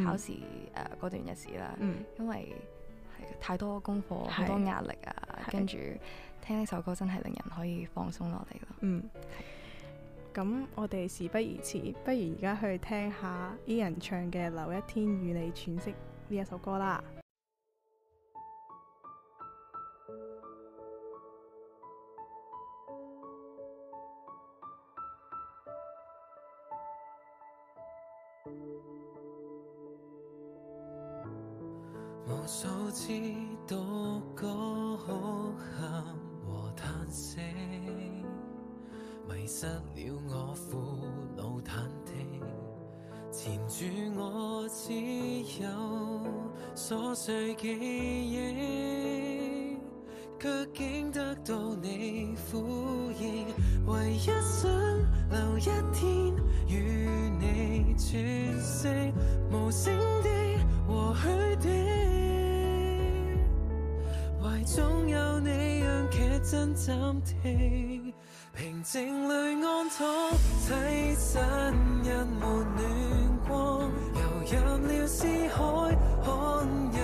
考試誒嗰段日子啦，嗯、因為係太多功課，好多壓力啊，的跟住聽呢首歌真係令人可以放鬆落嚟咯，嗯。咁我哋事不宜遲，不如而家去聽下 Ian 唱嘅《留一天與你喘息》呢一首歌啦、哦。無數次獨個哭喊和嘆息。迷失了我苦惱忐忑，纏住我只有瑣碎記憶，卻竟得到你呼應。唯一想留一天與你喘息，無聲的和虛的，懷中有你讓劇真暫停。平靜裏安躺，棲身一抹暖光，游入了思海，看日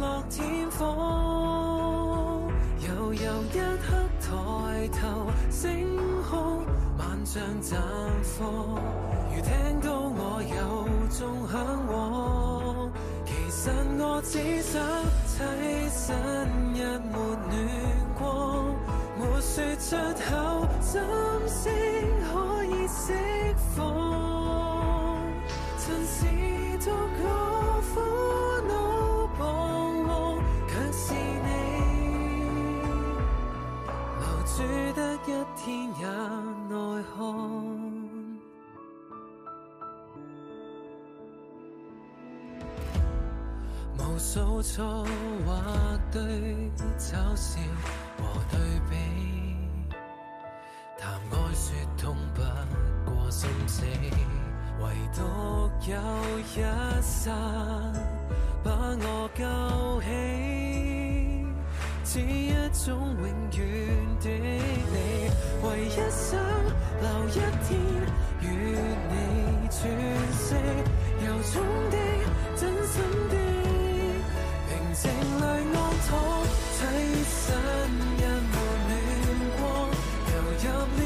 落天荒。悠悠一刻抬頭，星空萬丈綻放。如聽到我由衷向往，其實我只想棲身一抹暖光，沒說出口。心聲可以釋放，曾試過苦惱彷徨，卻是你留住得一天也奈何。無數錯話、對嘲笑和對比。說痛不過心死，唯獨有一刹把我救起，只一種永遠的你，唯一生留一天與你喘息，由衷的，真心的，平靜裏安躺，棲身一抹暖光，投入你。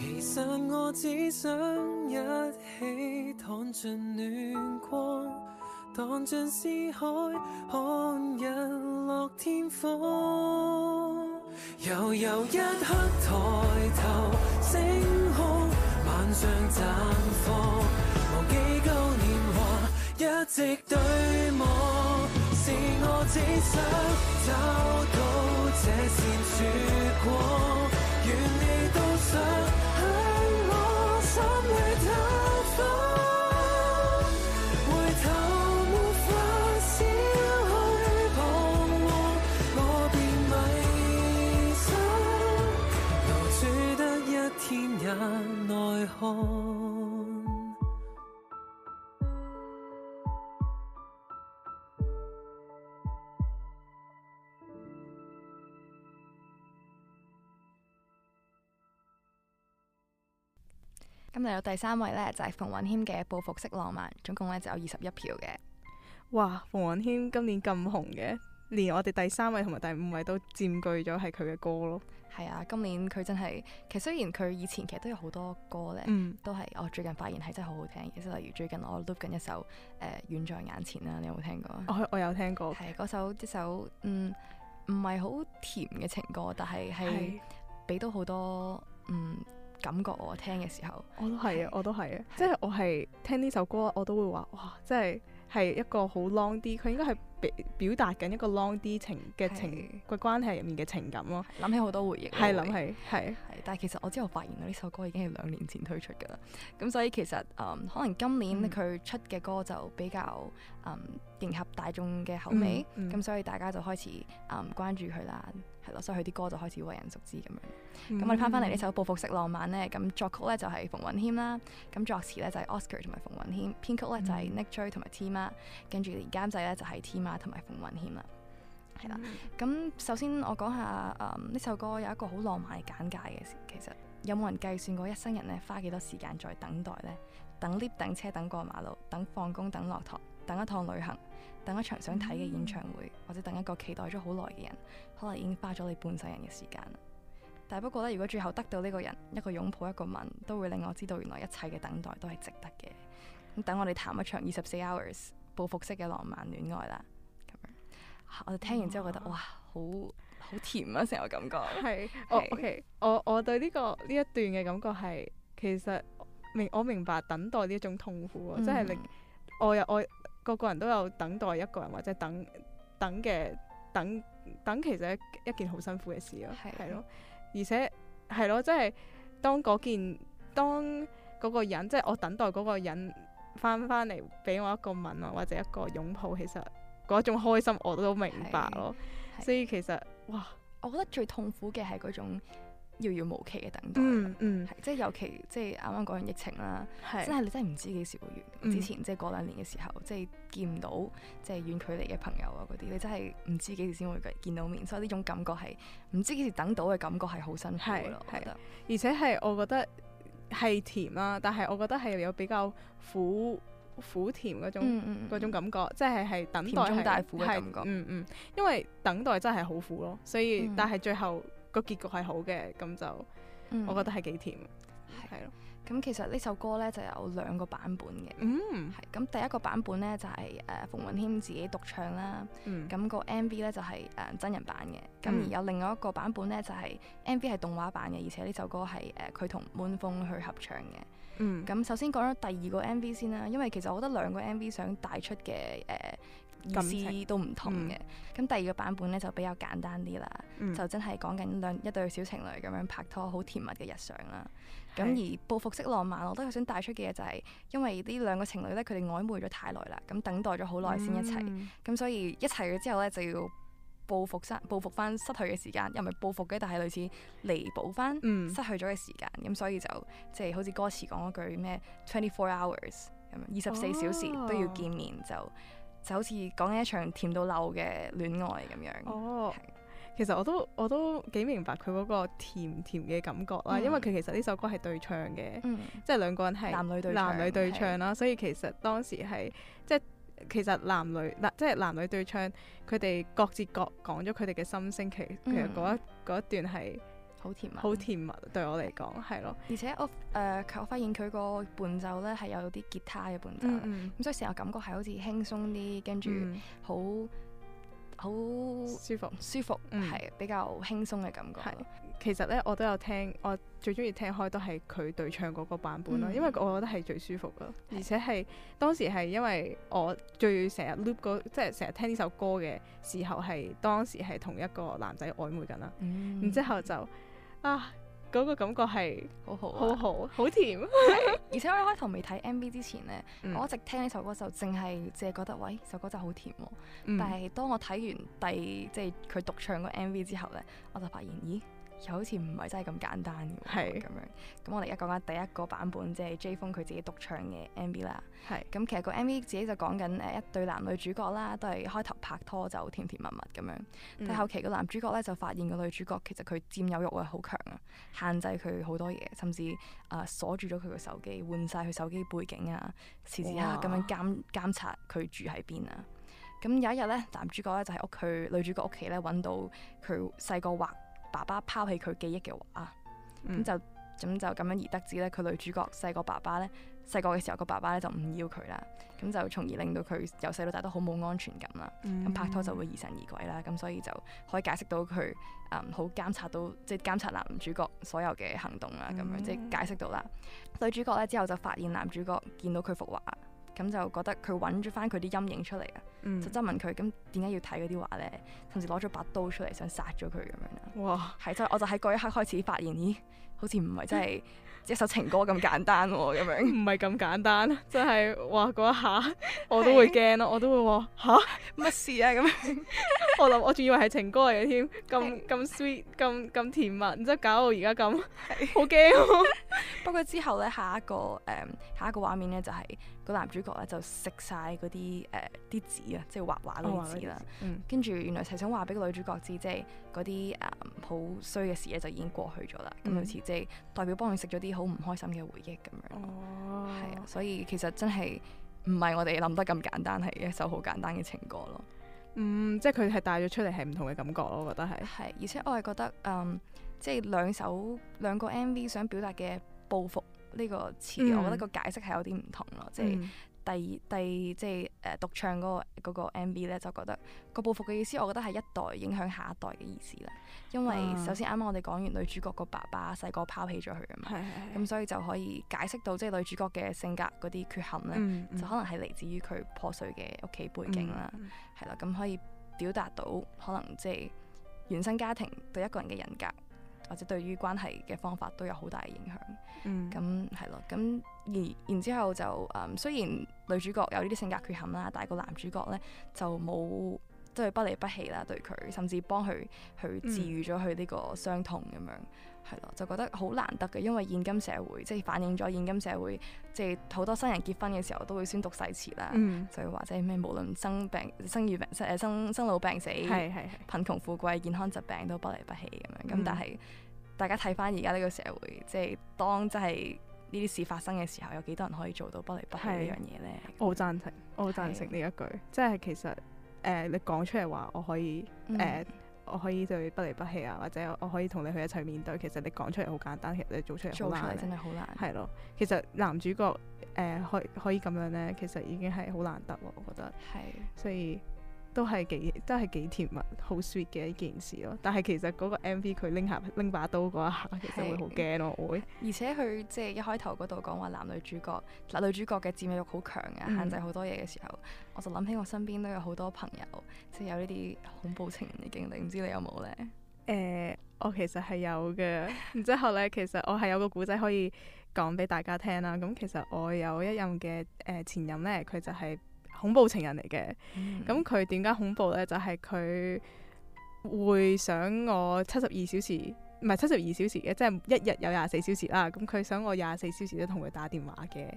其實我只想一起躺進暖光，蕩進思海看日落天荒。 <noise> 悠悠一刻抬頭星空，晚上綻放，忘記舊年華，一直對望。是我只想找到這線曙光，願你都想喺我心裏偷火。回頭沒法消去彷徨我，我便迷失，留住得一天也奈何。咁嚟到第三位咧，就係、是、馮允謙嘅《報復式浪漫》，總共咧就有二十一票嘅。哇，馮允謙今年咁紅嘅，連我哋第三位同埋第五位都佔據咗係佢嘅歌咯。係啊，今年佢真係，其實雖然佢以前其實都有好多歌咧，嗯、都係我最近發現係真係好好聽。其實例如最近我錄緊一首誒《遠、呃、在眼前、啊》啦，你有冇聽過我？我有聽過，係嗰、啊、首一首嗯唔係好甜嘅情歌，但係係俾到好多嗯。感覺我聽嘅時候，我都係啊，是我都係啊，是即係我係聽呢首歌，我都會話嘩，即係係一個好 long 啲，佢應該係。表達緊一個 long distance 嘅情嘅對關係入面嘅情感咯，諗對起好多回憶，係諗起，係係。但係其實我之後發現，呢首歌已經係兩年前推出㗎啦。咁所以其實，um, 可能今年佢出嘅歌就比較、um, 迎合大眾嘅口味，咁、嗯嗯、所以大家就開始嗯、um, 關注佢啦，係咯。所以佢啲歌就開始為人熟知咁樣。咁、嗯、我哋翻翻嚟呢首《報復式浪漫》咧，咁作曲咧就係馮允謙啦，咁作詞咧就係 Oscar 同埋馮允謙，編曲咧就係 Nick J 同埋 Tima，跟住連監製咧就係 Tima。同埋馮允謙啦、mm，係、hmm. 啦、嗯。咁首先我講下呢、嗯、首歌有一個好浪漫嘅簡介嘅，其實有冇人計算過一生人咧花幾多時間在等待呢？等 lift、等車、等過馬路、等放工、等落堂、等一趟旅行、等一場想睇嘅演唱會，mm hmm. 或者等一個期待咗好耐嘅人，可能已經花咗你半世人嘅時間啦。但不過咧，如果最後得到呢個人一個擁抱，一個吻，都會令我知道原來一切嘅等待都係值得嘅。咁、嗯、等我哋談一場二十四 hours 報復式嘅浪漫戀愛啦。我聽完之後覺得哇，好好甜啊！成個感覺係，我是 OK，我我對呢、這個呢一段嘅感覺係，其實明我明白等待呢一種痛苦啊，即係、嗯、你，我有我個個人都有等待一個人或者等等嘅等等，等其實一一件好辛苦嘅事咯，係是咯，而且係咯，即、就、係、是、當嗰件當嗰個人，即、就、係、是、我等待嗰個人返返嚟俾我一個吻啊，或者一個擁抱，其實。嗰種開心我都明白咯，對所以其實對哇，我覺得最痛苦嘅係嗰種遙遙無期嘅等待，嗯，嗯，即係尤其即係啱啱嗰樣疫情啦，對真係你真係唔知幾時會完。嗯、之前即係過兩年嘅時候，即係見唔到即係遠距離嘅朋友啊嗰啲，你真係唔知幾時先會見到面，所以呢種感覺係唔知幾時等到嘅感覺係好辛苦咯，係對得。而且係我覺得係甜啦，但係我覺得係有比較苦。苦甜嗰種種感覺，嗯、即係係等待係係，嗯嗯，因為等待真係好苦咯，所以、嗯、但係最後個結局係好嘅，咁就、嗯、我覺得係幾甜，係咯是。咁了其實呢首歌咧就有兩個版本嘅，嗯，係咁第一個版本咧就係誒馮允謙自己獨唱啦，咁、嗯、個 MV 咧就係、是、誒、呃、真人版嘅，咁、嗯、而有另外一個版本咧就係、是、MV 係動畫版嘅，而且呢首歌係誒佢同滿風去合唱嘅。嗯，咁首先講咗第二個 MV 先啦，因為其實我覺得兩個 MV 想帶出嘅誒、呃、止意思都唔同嘅。咁、嗯、第二個版本咧就比較簡單啲啦，嗯、就真係講緊兩一對小情侶咁樣拍拖，好甜蜜嘅日常啦。咁是而報復式浪漫，我覺得佢想帶出嘅嘢就係，因為呢兩個情侶咧，佢哋曖昧咗太耐啦，咁等待咗好耐先一齊，咁、嗯、所以一齊咗之後咧就要。報復失報復翻失去嘅時間，又唔係報復嘅，但係類似彌補翻失去咗嘅時間，咁、嗯嗯、所以就即係、就是、好似歌詞講嗰句咩 twenty four hours 咁樣，二十四小時都要見面，哦、就就好似講緊一場甜到漏嘅戀愛咁樣。哦，是其實我都我都幾明白佢嗰個甜甜嘅感覺啦，嗯、因為佢其實呢首歌係對唱嘅，嗯、即係兩個人係男女對男女對唱啦，唱是所以其實當時係即係。其實男女，嗱即係男女對唱，佢哋各自各講咗佢哋嘅心聲，嗯、其實嗰一一段係好甜蜜，好甜蜜對我嚟講係咯。而且我誒、呃，我發現佢個伴奏咧係有啲吉他嘅伴奏，咁、嗯嗯、所以成日感覺係好似輕鬆啲，跟住好好舒服舒服，係服、嗯、比較輕鬆嘅感覺。其實咧，我都有聽，我最中意聽開都係佢對唱嗰個版本咯，嗯、因為我覺得係最舒服咯。而且係是當時係因為我最成日 loop 嗰，即係成日聽呢首歌嘅時候，係當時係同一個男仔曖昧緊啦。嗯、然之後就啊，嗰、嗰個感覺係好好，好好，好甜、嗯。 <laughs> 而且我一開頭未睇 M V 之前咧，嗯、我一直聽呢首，首歌就淨係淨係覺得，喂、嗯，首歌真係好甜。但係當我睇完第即係佢獨唱個 M V 之後咧，我就發現，咦？又好似唔係真係咁簡單嘅咁是樣。咁我哋而家講緊第一個版本，即係 Jay Fung 佢自己獨唱嘅 M V 啦。咁是其實個 M V 自己就講緊誒一對男女主角啦，都係開頭拍拖就好甜，甜蜜蜜咁樣，嗯、但後期個男主角咧就發現個女主角其實佢佔有欲係好強啊，限制佢好多嘢，甚至啊、呃、鎖住咗佢個手機，換晒佢手機背景啊，時時刻刻咁樣監哇監察佢住喺邊啊。咁有一日咧，男主角咧就喺屋佢女主角屋企咧揾到佢細個畫。爸爸拋棄佢記憶嘅畫，咁、嗯、就咁就咁樣而得知咧。佢女主角細個爸爸咧，細個嘅時候個爸爸咧就唔要佢啦，咁就從而令到佢由細到大都好冇安全感啦。咁、嗯、拍拖就會疑神疑鬼啦，咁所以就可以解釋到佢誒、嗯、好監察到，即係監察男主角所有嘅行動啦。咁、嗯、樣即係解釋到啦。女主角咧之後就發現男主角見到佢幅畫。咁就覺得佢揾咗翻佢啲陰影出嚟啊！嗯、就質問佢，咁點解要睇嗰啲畫咧？甚至攞咗把刀出嚟想殺咗佢咁樣。哇！係真係，我就喺嗰一刻開始發現，咦，好似唔係真係一首情歌咁簡單喎、啊，咁樣。唔係咁簡單，真係嘩嗰一下我都會驚咯，啊、我都會話吓，乜事啊？咁樣 <laughs> 我諗，我仲以為係情歌嚟嘅添，咁咁 sweet，咁咁甜蜜，然之後搞到而家咁好驚。不過之後咧，下一個誒，下一個畫面咧就係、是。個男主角咧就食晒嗰啲誒啲紙啊，即係畫畫類紙啦。跟住原來齊想話俾個女主角知，即係嗰啲誒好衰嘅事咧就已經過去咗啦。咁類似即係代表幫佢食咗啲好唔開心嘅回憶咁樣。哦，係啊，所以其實真係唔係我哋諗得咁簡單，係一首好簡單嘅情歌咯。嗯，即係佢係帶咗出嚟係唔同嘅感覺咯，我覺得係。係，而且我係覺得嗯，即係兩首兩個 MV 想表達嘅報復。呢個詞，嗯、我覺得個解釋係有啲唔同咯，即、就、係、是、第、嗯、第即係誒獨唱嗰、嗰個、嗰個、MV 咧，就覺得個報復嘅意思，我覺得係一代影響下一代嘅意思啦。因為首先啱啱我哋講完女主角個爸爸細個拋棄咗佢啊嘛，咁、嗯嗯、所以就可以解釋到即係、就是、女主角嘅性格嗰啲缺陷咧，嗯嗯、就可能係嚟自於佢破碎嘅屋企背景啦，係啦、嗯，咁、嗯嗯、可以表達到可能即係原生家庭對一個人嘅人，人格。或者對於關係嘅方法都有好大影響，咁係咯，咁而然之後就誒、嗯，雖然女主角有呢啲性格缺陷啦，但係個男主角咧就冇即係不離不棄啦，對佢甚至幫佢去治愈咗佢呢個傷痛咁樣。嗯係咯，就覺得好難得嘅，因為現今社會即係反映咗現今社會，即係好多新人結婚嘅時候都會宣讀誓詞啦，嗯、就會話即係咩無論生病、生與病、生生老病死、貧窮是富貴、健康疾病都不離不棄咁樣。咁、嗯、但係大家睇翻而家呢個社會，即係當即係呢啲事發生嘅時候，有幾多人可以做到不離不棄呢樣嘢咧？的的我好贊成，的我好贊成呢一句，即係的、就是、其實誒、呃，你講出嚟話我可以誒。呃嗯嗯我可以對不離不棄啊，或者我可以同你去一齊面對。其實你講出嚟好簡單，其實你做出嚟好難嘛。真係好難。係咯，其實男主角誒、呃，可以可以咁樣咧，其實已經係好難得咯，我覺得。係的。所以。都係幾都係幾甜蜜，好 sweet 嘅一件事咯。但係其實嗰個 MV 佢拎下拎把刀嗰一下，其實會好驚咯。是會，而且佢即係一開頭嗰度講話男女主角，男女主角嘅佔有欲好強啊，限制好多嘢嘅時候，嗯、我就諗起我身邊都有好多朋友，即係有呢啲恐怖情人嘅經歷，唔知你有冇呢？誒、呃，我其實係有嘅。然 <laughs> 之後咧，其實我係有個古仔可以講俾大家聽啦。咁其實我有一任嘅誒前任咧，佢就係、是。恐怖情人嚟嘅，咁佢點解恐怖呢？就係、是、佢會想我七十二小時，唔係七十二小時嘅，即、就、係、是、一日有廿四小時啦。咁佢想我廿四小時都同佢打電話嘅。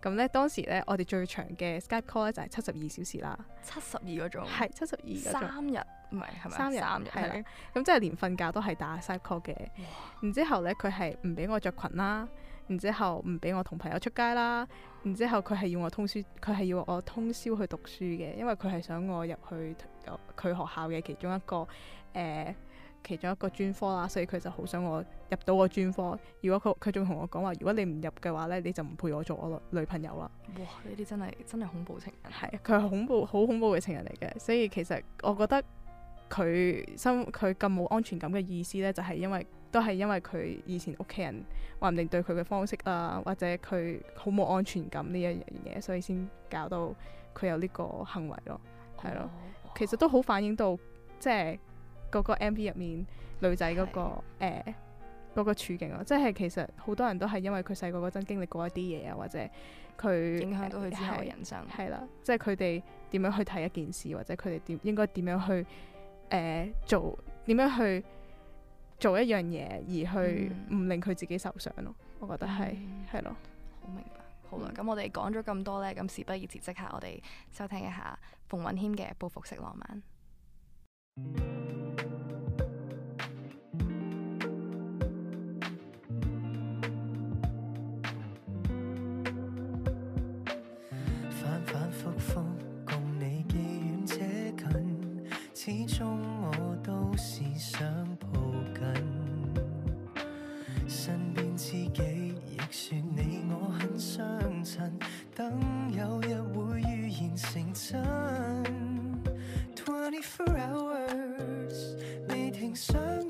咁哇呢，當時呢，我哋最長嘅 Skype call 呢，就係七十二小時啦。七十二個鐘係七十二，三日唔係，係咪三日？三日係啦？咁即係連瞓覺都係打 Skype call 嘅。哇然之後呢，佢係唔俾我着裙啦。然之後唔俾我同朋友出街啦。然之後佢係要我通宵，佢係要我通宵去讀書嘅，因為佢係想我入去佢佢學校嘅其中一個誒、呃，其中一個專科啦。所以佢就好想我入到個專科。如果佢佢仲同我講話，如果你唔入嘅話咧，你就唔配我做我女朋友啦。哇！呢啲真係真係恐怖情人，係佢係恐怖好恐怖嘅情人嚟嘅，所以其實我覺得。佢心佢咁冇安全感嘅意思咧，就係、是、因為都係因為佢以前屋企人話唔定對佢嘅方式啊，嗯、或者佢好冇安全感呢一樣嘢，所以先搞到佢有呢個行為咯，係、哦、咯，其實都好反映到即係嗰個 MV 入面女仔嗰、那個誒嗰是、呃那個、處境咯、啊，即係其實好多人都係因為佢細個嗰陣經歷過一啲嘢啊，或者佢影響到佢之後嘅人生係啦，即係佢哋點樣去睇一件事，或者佢哋點應該點樣去。誒、呃，做點樣去做一樣嘢，而去唔令佢自己受傷咯？嗯、我覺得係係咯，好明白。好啦，咁我哋講咗咁多呢，咁事不宜遲，即刻我哋收聽一下馮允謙嘅《報復式浪漫》。始終我都是想抱緊身邊知己，亦説你我很相襯，等有日會預言成真。Twenty four hours 未停上。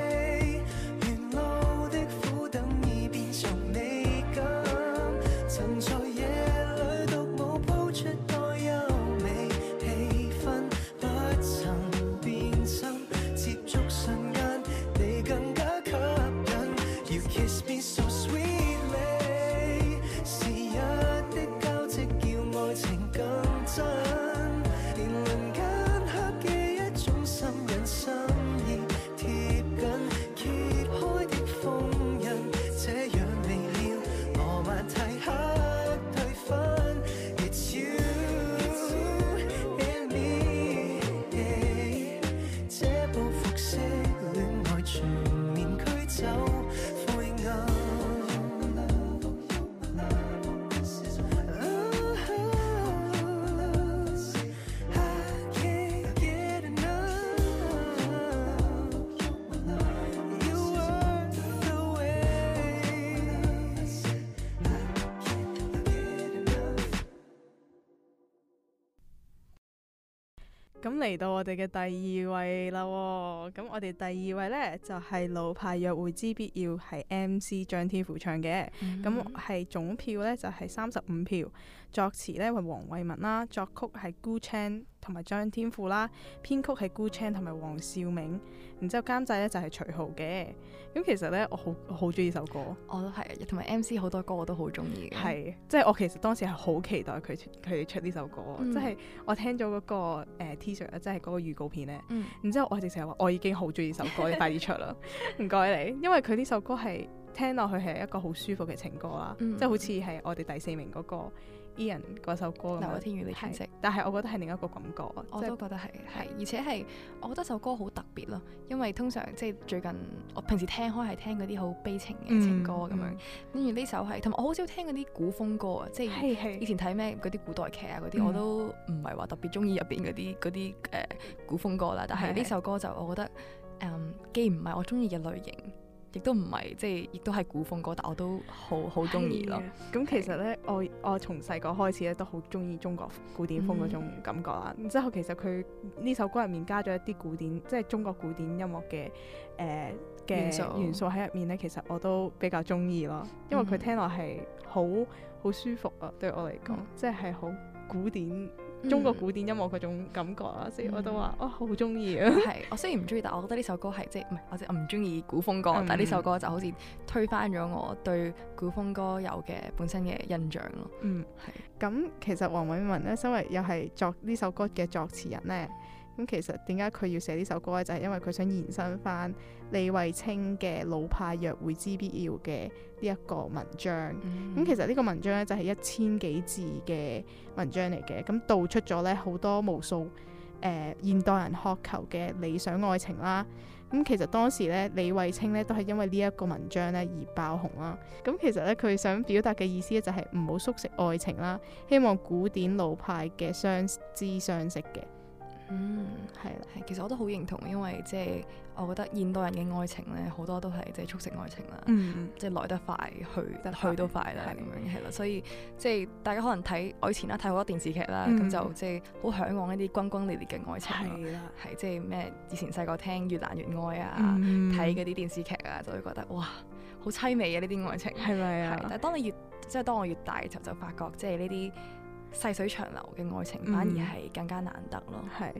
嚟到我哋嘅第二位啦，哦，咁我哋第二位呢，就係、是、老派約會之必要係 M.C. 張天賦唱嘅，咁係、mm hmm. 總票呢，就係三十五票。作詞咧係黃偉文啦，作曲係 Goo Chan 同埋張天賦啦，編曲係 Goo Chan 同埋黃兆明，然之後監製咧就係、是、徐浩嘅。咁其實咧，我好好中意首歌，我都係同埋 M C 好多歌我都好中意嘅，係即係我其實當時係好期待佢佢出呢首歌，即係、嗯、我聽咗嗰、那個、呃、T-shirt，即係嗰個預告片咧，嗯、然之後我直情話我已經好中意首歌， <laughs> 你快啲出啦，唔該你，因為佢呢首歌係聽落去係一個好舒服嘅情歌啦，即係、嗯、好似係我哋第四名嗰、那個。Ian 嗰首歌，劉天宇嘅詮釋是但係我覺得係另一個感覺。我都覺得係，係、就是、是而且係，我覺得首歌好特別咯。因為通常即係最近，我平時聽開係聽嗰啲好悲情嘅情歌咁樣，跟住呢首係，同埋我好少聽嗰啲古風歌啊。即係以前睇咩嗰啲古代劇啊嗰啲，是是我都唔係話特別中意入邊嗰啲啲誒古風歌啦。但係呢首歌就我覺得，嗯、既然唔係我中意嘅類型。亦都唔係，即係亦都係古風歌，但我都好好中意咯。咁其實咧，我我從細個開始咧都好中意中國古典風嗰種感覺啦。之後、嗯、其實佢呢首歌入面加咗一啲古典，即係中國古典音樂嘅誒嘅元素喺入面咧，其實我都比較中意咯，因為佢聽落係好好舒服啊，對我嚟講，嗯、即係好古典。中國古典音樂嗰種感覺啊，嗯、所以我都話啊好中意啊。係，我雖然唔中意，但我覺得呢首歌係即係唔係，我即係唔中意古風歌，嗯、但係呢首歌就好似推翻咗我對古風歌有嘅本身嘅印象咯。嗯，係。咁、嗯、其實黃偉文咧，身為又係作呢首歌嘅作詞人咧。咁其實點解佢要寫呢首歌咧？就係、是、因為佢想延伸翻李慧清嘅《老派約會之必要》嘅呢一個文章。咁、嗯嗯、其實呢個文章咧就係、是、一千幾字嘅文章嚟嘅，咁道出咗咧好多無數誒、呃、現代人渴求嘅理想愛情啦。咁、嗯、其實當時咧，李慧清咧都係因為呢一個文章咧而爆紅啦。咁、嗯、其實咧，佢想表達嘅意思咧就係唔好縮食愛情啦，希望古典老派嘅相知相識嘅。嗯，係啦，係，其實我都好認同，因為即係我覺得現代人嘅愛情咧，好多都係即係速成愛情啦，即係來得快，去得去都快啦，咁樣係啦，所以即係大家可能睇愛情啦，睇好多電視劇啦，咁就即係好嚮往一啲轟轟烈烈嘅愛情咯，係即係咩？以前細個聽越難越愛啊，睇嗰啲電視劇啊，就會覺得哇，好淒美啊呢啲愛情，係咪啊？但係當你越即係當我越大就就發覺即係呢啲。細水長流嘅愛情反而係更加難得咯。係、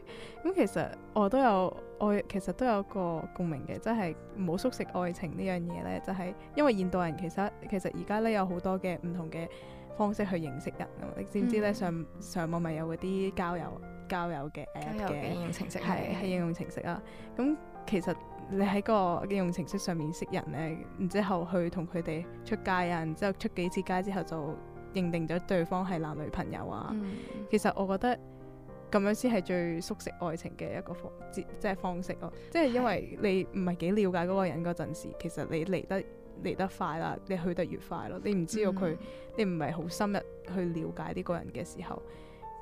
嗯，咁、嗯、其實我都有，我其實都有個共鳴嘅，即係唔好縮食愛情呢樣嘢咧，就係、是、因為現代人其實其實而家咧有好多嘅唔同嘅方式去認識人啊。你知唔知咧、嗯？上上網咪有嗰啲交友交友嘅應用程式，係係的應用程式啊。咁的、嗯、其實你喺個應用程式上面識人咧，然之後去同佢哋出街啊，然之後出幾次街之後就。認定咗對方係男女朋友啊！嗯、其實我覺得咁樣先係最速食愛情嘅一個方，即係方式咯、啊。即係唉因為你唔係幾了解嗰個人嗰陣時，其實你嚟得嚟得快啦，你去得越快咯。你唔知道佢，嗯、你唔係好深入去了解呢個人嘅時候。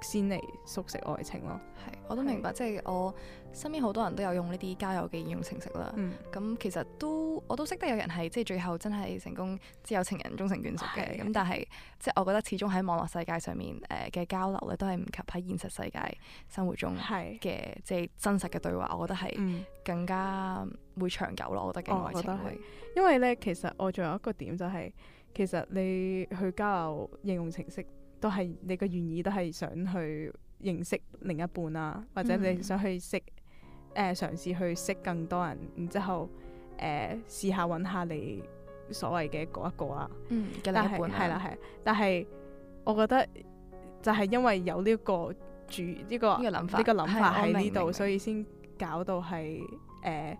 先嚟熟悉愛情咯，係，我都明白，是即係我身邊好多人都有用呢啲交友嘅應用程式啦。咁、嗯嗯、其實都我都識得有人係即係最後真係成功即有情人終成眷屬嘅。咁、哦、但係即係我覺得始終喺網絡世界上面誒嘅交流咧，都係唔及喺現實世界生活中嘅是即係真實嘅對話。我覺得係更加會長久咯，我覺得嘅愛情係、哦。是因為咧，其實我仲有一個點就係、是，其實你去交流應用程式。都係你嘅願意，都係想去認識另一半啦、啊，或者你想去識，誒、嗯呃、嘗試去識更多人，然之後誒、呃、試下揾下你所謂嘅嗰一個啦、啊。嗯，另一半係、啊、啦，係，但係我覺得就係因為有呢個主呢、呢個呢個諗法喺呢度，對所以先搞到係誒。呃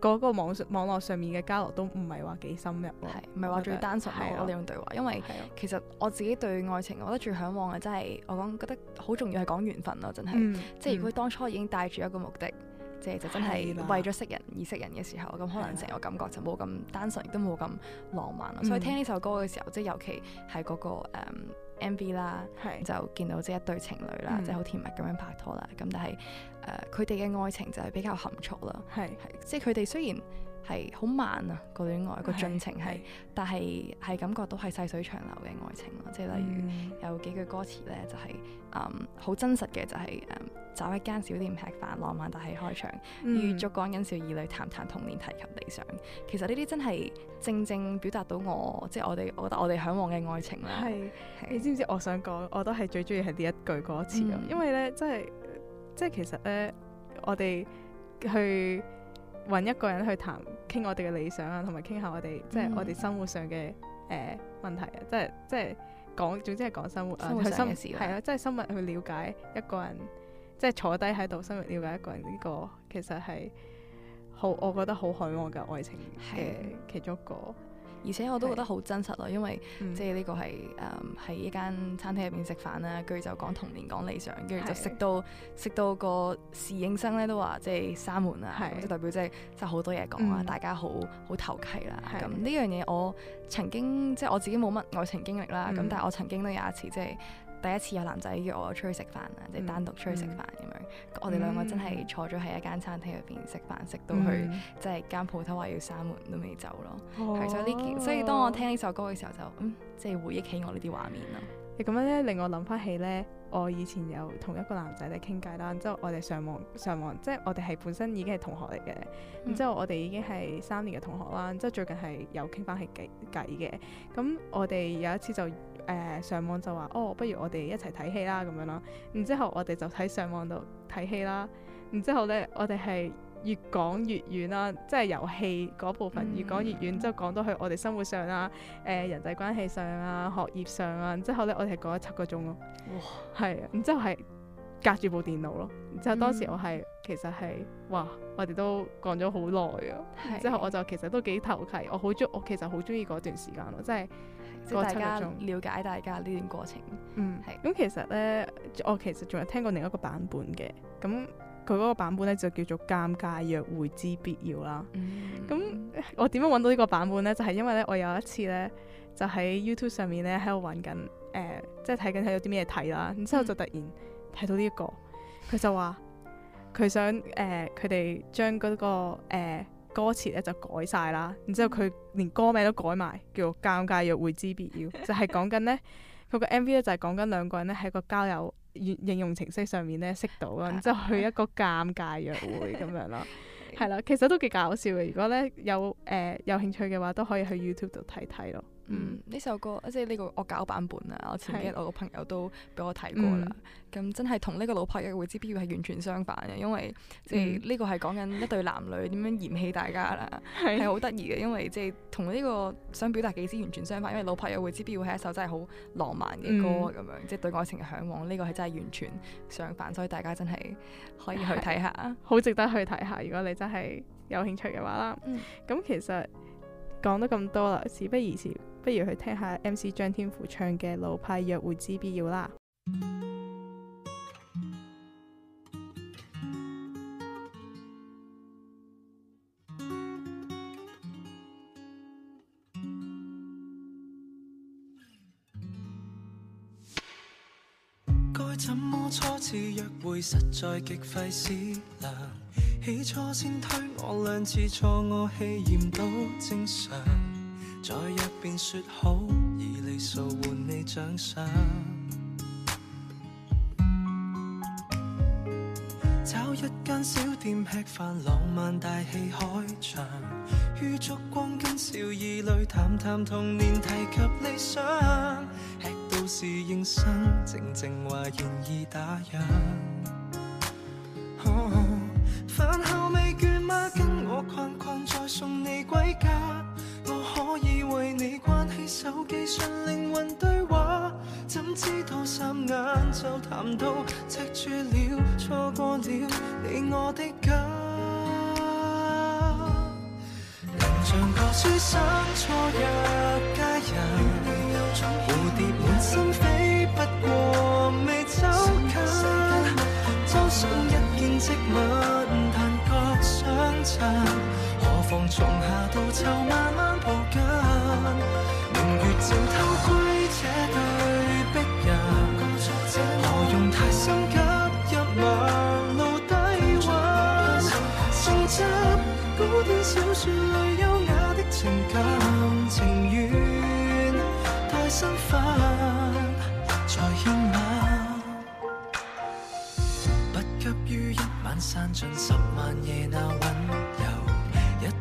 嗰個網網絡上面嘅交流都唔係話幾深入咯，係唔係話最單純嘅嗰種對話？的因為其實我自己對愛情我，我覺得最嚮往嘅真係我講覺得好重要係講緣分咯，真係。嗯、即係如果當初已經帶住一個目的，嗯、即係就真係為咗識人而識人嘅時候，咁的可能成個感覺就冇咁單純，亦都冇咁浪漫。的所以聽呢首歌嘅時候，即係尤其係嗰、那個、um, MV 啦，是就見到即一對情侶啦，嗯、即係好甜蜜咁樣拍拖啦。咁但係誒，佢哋嘅愛情就係比較含蓄啦。係是，即係佢哋雖然係好慢啊個戀愛個進程係，是但係係感覺到係細水長流嘅愛情咯。即係例如有幾句歌詞咧，就係、是嗯。好、um, 真實嘅就係、是、誒，um, 找一間小店吃飯，浪漫大戲開場，與燭光恩少兒女談談童年，提及理想。其實呢啲真係正正表達到我，即、就、係、是、我哋，我覺得我哋嚮往嘅愛情啦。係是，是你知唔知我想講，我都係最中意係呢一句歌詞咁、啊，嗯、因為呢，即係即係其實呢，我哋去揾一個人去談傾我哋嘅理想啊，同埋傾下我哋、嗯、即係我哋生活上嘅誒、呃、問題啊，即係即係。即講總之係講生活啊，生活上的事係啊心、嗯，即係深入去了解一個人，即係坐低喺度深入了解一個人呢、這個其實係好，我覺得好渴望嘅愛情嘅其中一個。而且我都覺得好真實咯，因為、嗯、即係呢個係誒喺一間餐廳入邊食飯啦，跟住就講童年講理想，跟住就食到食、嗯、到個侍應生咧都話即係閂門啦，即、嗯、即代表即係真好多嘢講啦，嗯、大家好好投契啦。咁呢、嗯、樣嘢我曾經即係我自己冇乜愛情經歷啦，咁、嗯、但係我曾經都有一次即係。第一次有男仔約我出去食飯啊，即係、嗯、單獨出去食飯咁樣，嗯、我哋兩個真係坐咗喺一間餐廳入邊食飯，食、嗯、到去即係間鋪頭話要閂門都未走咯。係、哦、所以呢件，所以當我聽呢首歌嘅時候就，即、嗯、係、就是、回憶起我呢啲畫面咯。咁樣咧令我諗翻起咧，我以前有同一個男仔咧傾偈啦，之後我哋上網上網，即係我哋係本身已經係同學嚟嘅，咁之後我哋已經係三年嘅同學啦，之後最近係有傾翻係偈偈嘅，咁我哋有一次就。誒、呃、上網就話，哦，不如我哋一齊睇戲啦咁樣咯。然之後我哋就喺上網度睇戲啦。然之後咧，我哋係越講越遠啦，即係遊戲嗰部分越講越遠，之後、嗯、講到去我哋生活上啊、誒、呃、人際關係上啊、學業上啊。之後咧，我哋講咗七個鐘咯。哇！係啊。然之後係隔住部電腦咯。然之後當時我係、嗯、其實係哇，我哋都講咗好耐啊。之後、嗯、我就其實都幾投契，我好中，我其實好中意嗰段時間咯，即係。即大家了解大家呢段過程，嗯，係咁是、嗯嗯、其實咧，我其實仲有聽過另一個版本嘅，咁佢嗰個版本咧就叫做尷尬約會之必要啦。咁、嗯、我點樣揾到呢個版本咧？就係、是、因為咧，我有一次咧，就喺 YouTube 上面咧喺度玩緊，誒、呃，即係睇緊睇到啲咩睇啦，然之後就突然睇到呢、這、一個，佢、嗯、就話佢想誒，佢、呃、哋將嗰、那個、呃歌詞咧就改晒啦，然之後佢連歌名都改埋，叫做《尷尬約會之必要》，就係講緊呢，佢個 MV 咧就係講緊兩個人咧喺個交友軟應用程式上面咧識到，然之後去一個尷尬約,約會咁樣咯，係 <laughs> 啦，其實都幾搞笑嘅。如果咧有誒、呃、有興趣嘅話，都可以去 YouTube 度睇睇咯。嗯，呢首歌即係呢個惡搞版本啊！是我前幾日我個朋友都俾我睇過啦。咁、嗯、真係同呢個老派約會之必要》係完全相反嘅，因為即係呢、嗯、個係講緊一對男女點樣嫌棄大家啦，係好得意嘅。因為即係同呢個想表達嘅意思完全相反，因為老派約會之必要》係一首真係好浪漫嘅歌咁、嗯、樣，即係對愛情嘅嚮往。呢、這個係真係完全相反，所以大家真係可以去睇下，好值得去睇下。如果你真係有興趣嘅話啦，咁、嗯、其實講得咁多啦，事不宜遲，遲。不如去聽下 MC 張天賦唱嘅《老派約會之必要》啦。該怎麼初次約會實在極費思量，起初先推我兩次，錯我氣焰都正常。在一邊說好，以禮數換你獎賞。找一間小店吃飯，浪漫大戲開場。於燭光跟笑意裏談談童年，提及理想。吃到侍應生，靜靜話現已打烊。Oh, 飯後未倦嗎？跟我逛逛，再送你歸家。手機上靈魂對話，怎知道霎眼就談到，赤柱了，錯過了你我的家。 <music> 人像個書生錯入佳人， <music> 蝴蝶滿心飛 <music> 不過未走近，多想 <music> 一見即吻，但覺相襯， <music> 何妨從夏到秋慢慢抱緊。 <music> 明月正偷窺，這對璧人，何用太心急一晚露低溫？承襲古典小說裏優雅的情感，情願太生分才獻吻。不急於一晚散盡十。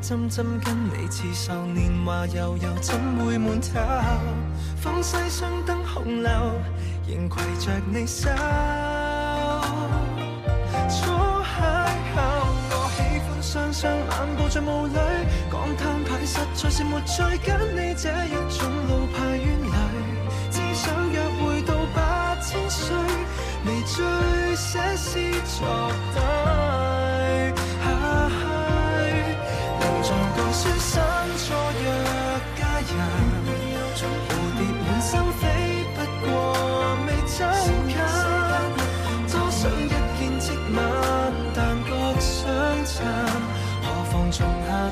針針跟你刺繡，年華悠悠怎會悶透？坊西雙燈紅樓，仍攜着你手。初邂逅，我喜歡雙雙漫步在霧裏。講攤牌，實在是沒趣跟你這一種老派冤侶。只想約會到八千歲，未醉寫詩作對。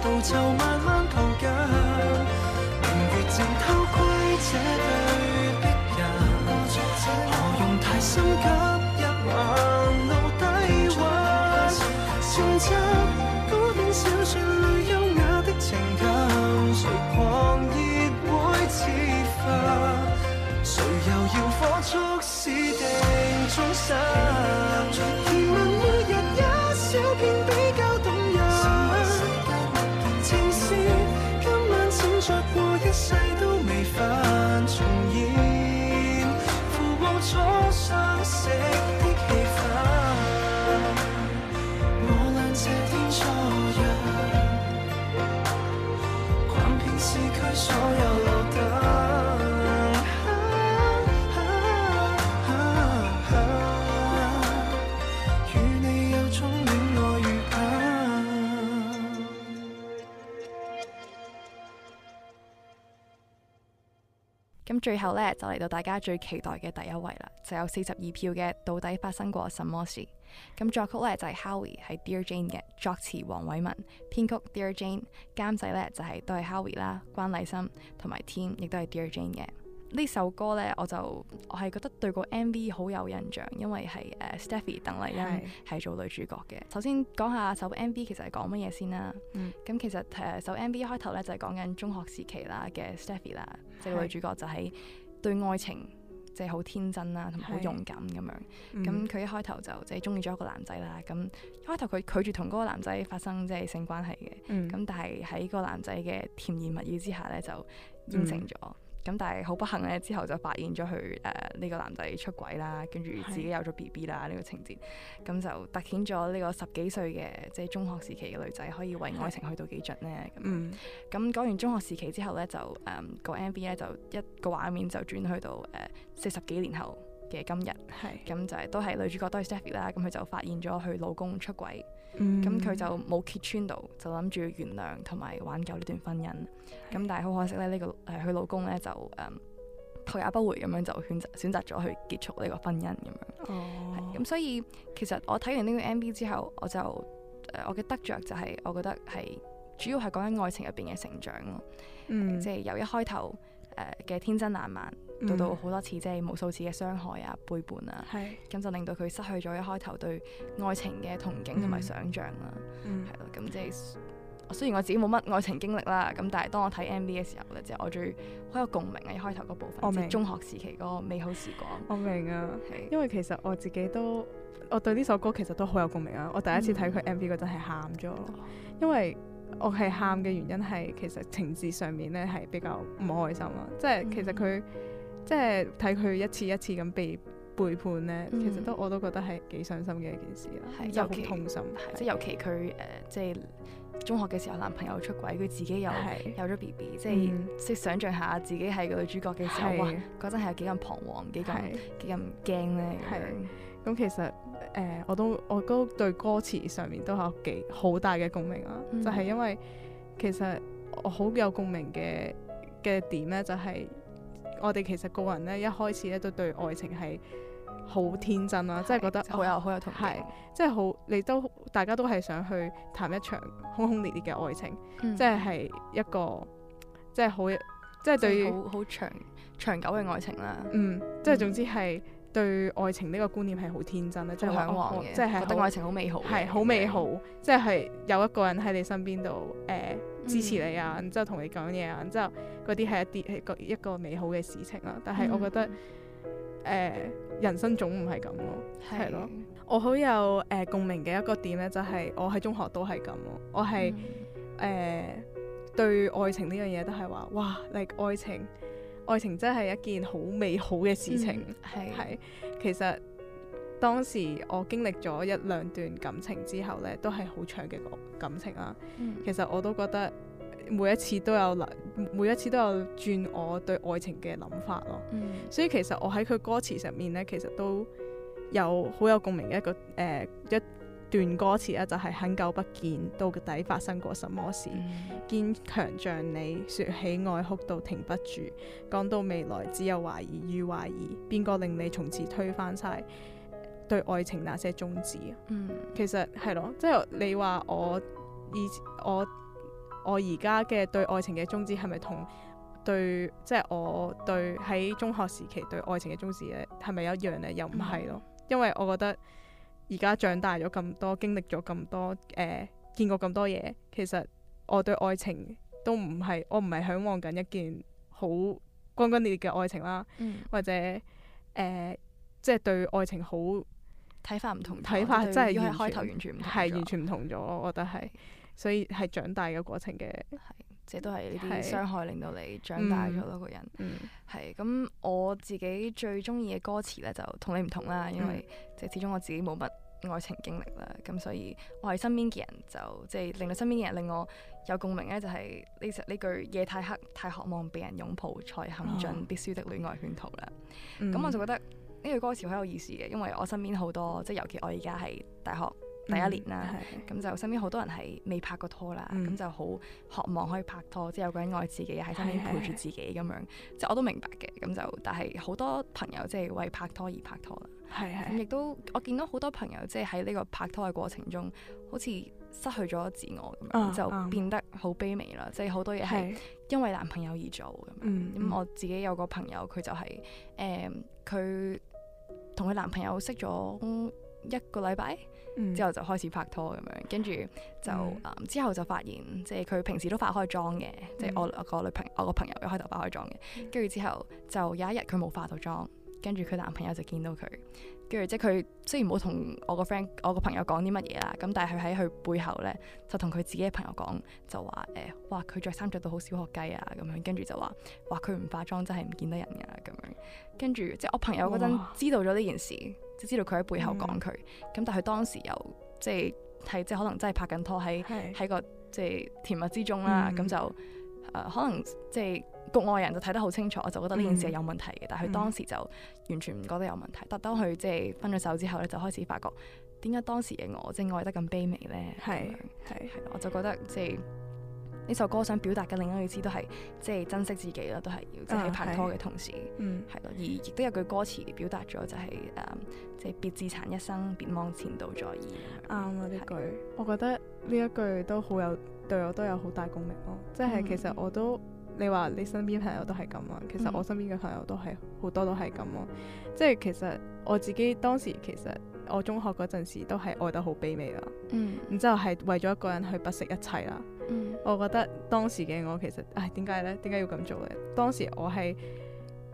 路就慢慢抱緊，明月正偷窺這對璧人。何用太心急，一晚露底蘊。承襲古典小說裏優雅的情感，誰狂熱會自焚？誰又要火速私訂終身？最後咧就嚟到大家最期待嘅第一位啦，就有四十二票嘅《到底發生過什麼事？咁作曲咧就係、是、Howie，係 Dear Jane 嘅作詞黃偉文，編曲 Dear Jane，監製咧就係、是、都係 Howie 啦，關禮深同埋 Tim 亦都係 Dear Jane 嘅。呢首歌咧，我就我係覺得對個 M V 好有印象，因為係誒 Stephy 鄧麗欣係做女主角嘅。首先講下首 M V 其實係講乜嘢先啦？咁、嗯、其實誒、呃、首 M V 一開頭咧就係講緊中學時期啦嘅 Stephy 啦。即係女主角就係對愛情即係好天真啦，同埋好勇敢咁樣。咁佢是一開頭就即係中意咗一個男仔啦。咁一開頭佢拒絕同嗰個男仔發生即係性關係嘅。咁、嗯、但係喺嗰個男仔嘅甜言蜜語之下咧，就應承咗。嗯咁但係好不幸咧，之後就發現咗佢誒呢個男仔出軌啦，跟住自己有咗 B B 啦，呢個情節，咁就突顯咗呢個十幾歲嘅即係中學時期嘅女仔可以為愛情去到幾盡呢？咁咁講完中學時期之後咧，就誒個、嗯、M V 咧就一個畫面就轉去到誒四十幾年後嘅今日，係咁的就係都係女主角都係 Stephy 啦，咁佢就發現咗佢老公出軌。咁佢、嗯、就冇揭穿到，就諗住原諒同埋挽救呢段婚姻。咁是但係好可惜咧、這個，呢個誒佢老公咧就誒、呃、退也不回咁樣就選擇選擇咗去結束呢個婚姻咁樣。哦。咁、嗯、所以其實我睇完呢個 MV 之後，我就誒、呃、我嘅得着就係我覺得係主要係講緊愛情入邊嘅成長咯。即係由一開頭誒嘅、呃、天真爛漫。到到好多次即係無數次嘅傷害啊、背叛啊，咁是、嗯、就令到佢失去咗一開頭對愛情嘅憧憬同埋想象啊。咁、嗯嗯嗯、即係雖然我自己冇乜愛情經歷啦，咁但係當我睇 MV 嘅時候咧，即係我最好有共鳴啊，一開頭嗰部分，我即係中學時期嗰個美好時光。我明啊，是因為其實我自己都我對呢首歌其實都好有共鳴啊。我第一次睇佢 MV 嗰陣係喊咗，嗯、因為我係喊嘅原因係其實情節上面咧係比較唔開心咯、啊，即係是、嗯、其實佢。即係睇佢一次一次咁被背叛咧，其實都我都覺得係幾傷心嘅一件事啦，即係好痛心。即係尤其佢誒，即係中學嘅時候男朋友出軌，佢自己又係有咗 B B，即係即想像下自己係個女主角嘅時候，哇！嗰陣係幾咁彷徨、幾咁幾咁驚咧。咁其實誒，我都我都對歌詞上面都有幾好大嘅共鳴啊！就係因為其實我好有共鳴嘅嘅點咧，就係。我哋其實個人咧，一開始咧都對愛情係好天真啦，對即係覺得好有好有同情，即係好你都大家都係想去談一場轟轟烈烈嘅愛情，嗯、即係係一個即係好即係對好好長長久嘅愛情啦。嗯，嗯即係總之係對愛情呢個觀念係好天真咧是，即係嚮往嘅，即係覺得愛情好美好，係好美好，即係有一個人喺你身邊度，誒、呃。嗯、支持你啊，然之後同你講嘢啊，然之後嗰啲係一啲係個一個美好嘅事情啦。但係我覺得，誒、嗯呃、人生總唔係咁咯，係是咯。我好有誒、呃、共鳴嘅一個點咧，就係我喺中學都係咁咯。我係誒、嗯呃、對愛情呢樣嘢都係話，哇！你、like, 愛情，愛情真係一件好美好嘅事情，係、嗯、其實。當時我經歷咗一兩段感情之後呢，都係好長嘅感情啦。嗯、其實我都覺得每一次都有每一次都有轉我對愛情嘅諗法咯。嗯、所以其實我喺佢歌詞上面呢，其實都有好有共鳴嘅一個誒、呃、一段歌詞啦、啊，就係很久不見，到底發生過什麼事？嗯、堅強像你説起愛哭到停不住，講到未來只有懷疑與懷疑，邊個令你從此推翻晒？對愛情那些宗旨、嗯、其實係咯，即、就、係、是、你話我以我我而家嘅對愛情嘅宗旨係咪同對即係、就是、我對喺中學時期對愛情嘅宗旨咧係咪一樣呢？又唔係咯，嗯、因為我覺得而家長大咗咁多，經歷咗咁多，誒、呃、見過咁多嘢，其實我對愛情都唔係我唔係嚮往緊一件好轟轟烈烈嘅愛情啦，嗯、或者誒、呃、即係對愛情好。睇法唔同，睇法真係要係開頭完全唔同。係完全唔同咗，我覺得係，所以係長大嘅過程嘅。即係都係呢啲傷害令到你長大咗咯，嗯、個人。係、嗯，咁我自己最中意嘅歌詞咧，就你同你唔同啦，嗯、因為即係始終我自己冇乜愛情經歷啦，咁所以我係身邊嘅人就即係令到身邊嘅人令我有共鳴咧，就係呢呢句夜太黑，太渴望被人擁抱，才陷進必須的戀愛圈套啦。咁、嗯、我就覺得。呢個歌詞好有意思嘅，因為我身邊好多，即係尤其我而家係大學第一年啦，咁、嗯嗯嗯、就是、身邊好多人係未拍過拖啦、嗯，咁就好渴望可以拍拖，即、就、係、是、有個人愛自己喺身邊陪住自己咁樣，即係我都明白嘅，咁、嗯、就但係好多朋友即係為拍拖而拍拖啦，係係、嗯，亦、嗯、都我見到好多朋友即係喺呢個拍拖嘅過程中，好似失去咗自我咁樣，嗯、就變得好卑微啦，即係好多嘢係因為男朋友而做咁樣，咁我自己有個朋友佢就係誒佢。嗯嗯嗯同佢男朋友識咗一個禮拜，嗯、之後就開始拍拖咁樣，跟住就、嗯、之後就發現，即係佢平時都化開妝嘅，即係、嗯、我我個女朋我個朋友一開頭化開妝嘅，跟住、嗯、之後就有一日佢冇化到妝。跟住佢男朋友就見到佢，跟住即係佢雖然冇同我個 friend、我個朋友講啲乜嘢啦，咁但係佢喺佢背後咧就同佢自己嘅朋友講，就話誒、呃，哇佢着衫着到好小學雞啊咁樣，跟住就話話佢唔化妝真係唔見得人㗎、啊、咁樣，跟住即係我朋友嗰陣知道咗呢件事，就哇知道佢喺背後講佢，咁、嗯、但佢當時又即係係即係可能真係拍緊拖喺喺是個即係甜蜜之中啦，咁、嗯、就誒、呃、可能即係。局外人就睇得好清楚，我就覺得呢件事係有問題嘅，但係佢當時就完全唔覺得有問題。但當佢即係分咗手之後咧，就開始發覺點解當時嘅我即係愛得咁卑微咧？係係係，我就覺得即係呢首歌想表達嘅另一個意思都係即係珍惜自己啦，都係要喺拍拖嘅同時，嗯，係咯。而亦都有句歌詞表達咗就係誒，即係別自殘一生，別望前度再現。啱啊！呢句，我覺得呢一句都好有對我都有好大共鳴咯。即係其實我都。你話你身邊朋友都係咁啊，其實我身邊嘅朋友都係好、嗯、多都係咁啊，即係其實我自己當時其實我中學嗰陣時都係愛得好卑微啦，嗯、然之後係為咗一個人去不惜一切啦，嗯、我覺得當時嘅我其實，唉點解咧？點解要咁做咧？當時我係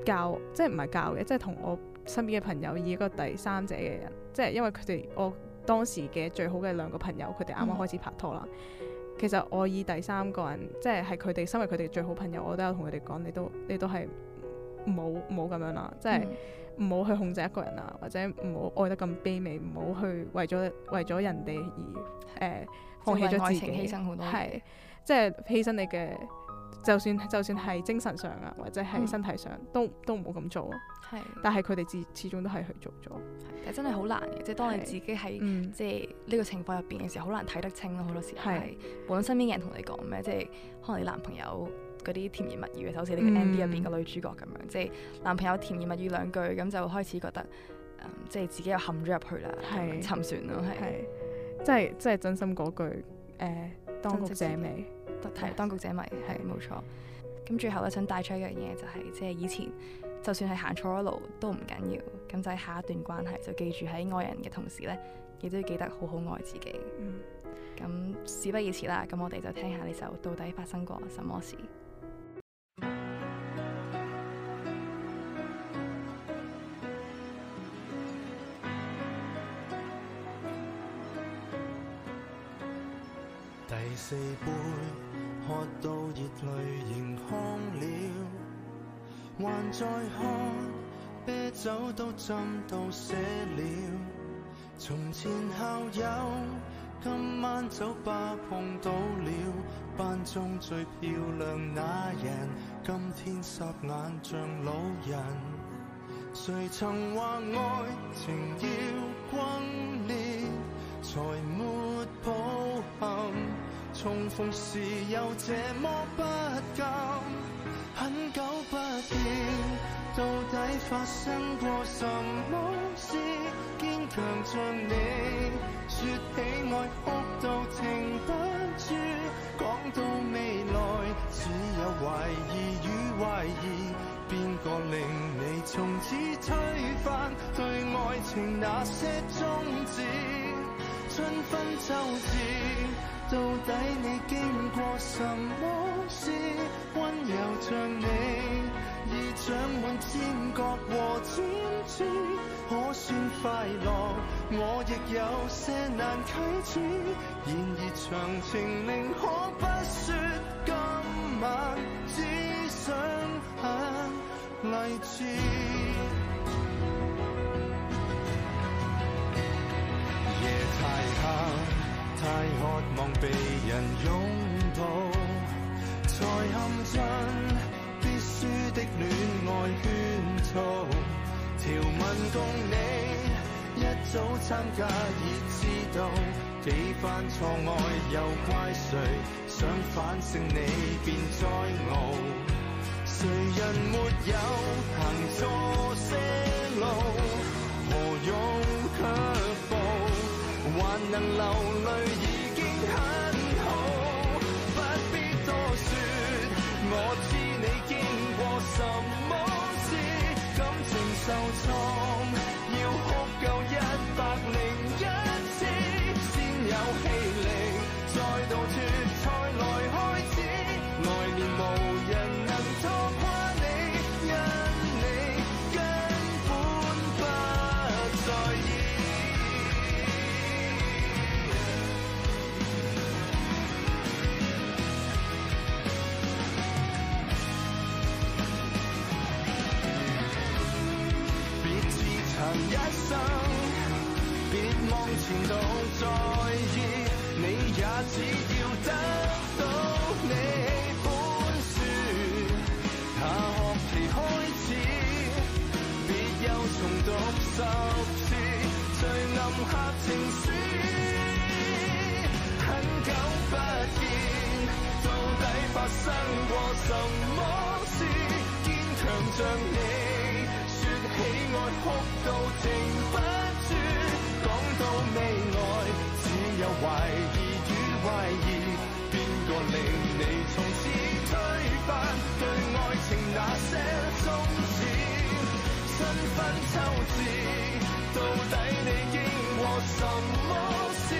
教即係唔係教嘅，即係同我身邊嘅朋友以一個第三者嘅人，即係因為佢哋我當時嘅最好嘅兩個朋友，佢哋啱啱開始拍拖啦。嗯嗯其實我以第三個人，即係係佢哋，身為佢哋最好朋友，我都有同佢哋講，你都你都係唔好唔好咁樣啦、啊，即係唔好去控制一個人啊，或者唔好愛得咁卑微，唔好去為咗為咗人哋而誒、呃、放棄咗自己，犧牲好多，係即係犧牲你嘅，就算就算係精神上啊，或者係身體上，嗯、都都唔好咁做啊。係，但係佢哋自始終都係去做咗，但真係好難嘅。即係當你自己喺即係呢個情況入邊嘅時候，好難睇得清咯。好多時候，無論身邊嘅人同你講咩，即係可能你男朋友嗰啲甜言蜜語啊，就好似呢個 MV 入邊個女主角咁樣，即係男朋友甜言蜜語兩句，咁就開始覺得，即係自己又陷咗入去啦，沉船咯，係，即係即係真心嗰句，誒，當局者迷，係當局者迷，係冇錯。咁最後咧，想帶出一樣嘢就係，即係以前。就算係行錯咗路都唔緊要，咁就喺下一段關係就記住喺愛人嘅同時咧，亦都要記得好好愛自己。咁、嗯嗯、事不宜遲啦，咁我哋就聽下呢首到底發生過什麼事。 <music> <music> 第四杯喝到熱淚盈眶了。還在喝啤酒都斟到瀉了，從前校友今晚酒吧碰到了班中最漂亮那人，今天霎眼像老人。誰曾話愛情要轟烈才沒抱憾，重逢時又這麼不甘。很久不見，到底發生過什麼事？堅強像你，説起愛哭到停不住，講到未來只有懷疑與懷疑，邊個令你從此推翻對愛情那些宗旨，春分秋至。到底你經過什麼事，温柔像你，已長滿尖角和尖刺，可算快樂，我亦有些難啟齒。然而詳情寧可不説，今晚只想很勵志。夜太黑。太渴望被人擁抱，才陷進必輸的戀愛圈套。條文共你一早參加已知道，幾番錯愛，又怪誰？想反勝你便再熬，誰人沒有行錯些路？何用卻。還能流淚已經很好，不必多說。我知你經過什麼事，感情受挫。生，別望前度在意，你也只要得到你寬恕。下學期開始，別又重讀十次最暗黑情書。很久不見，到底發生過什麼事？堅強著你。喜愛哭到停不住，講到未來只有懷疑與懷疑，邊個令你從此推翻對愛情那些宗旨？新婚秋至，到底你經過什麼事？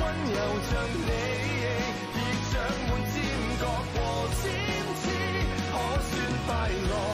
溫柔像你，亦已長滿尖角和尖刺，可算快樂。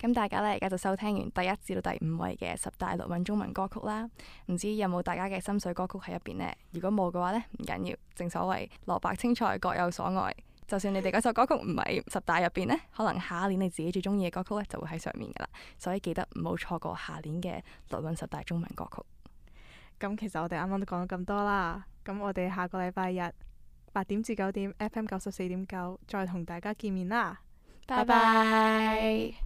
咁大家咧，而家就收聽完第一至到第五位嘅十大律韻中文歌曲啦。唔知有冇大家嘅心水歌曲喺入邊呢？如果冇嘅話呢，唔緊要。正所謂蘿蔔青菜各有所愛，就算你哋嗰首歌曲唔係十大入邊呢， <laughs> 可能下一年你自己最中意嘅歌曲呢，就會喺上面噶啦。所以記得唔好錯過下年嘅《律韻十大中文歌曲》。咁其實我哋啱啱都講咗咁多啦。咁我哋下個禮拜日八點至九點，F M 九十四點九，9，再同大家見面啦。拜拜。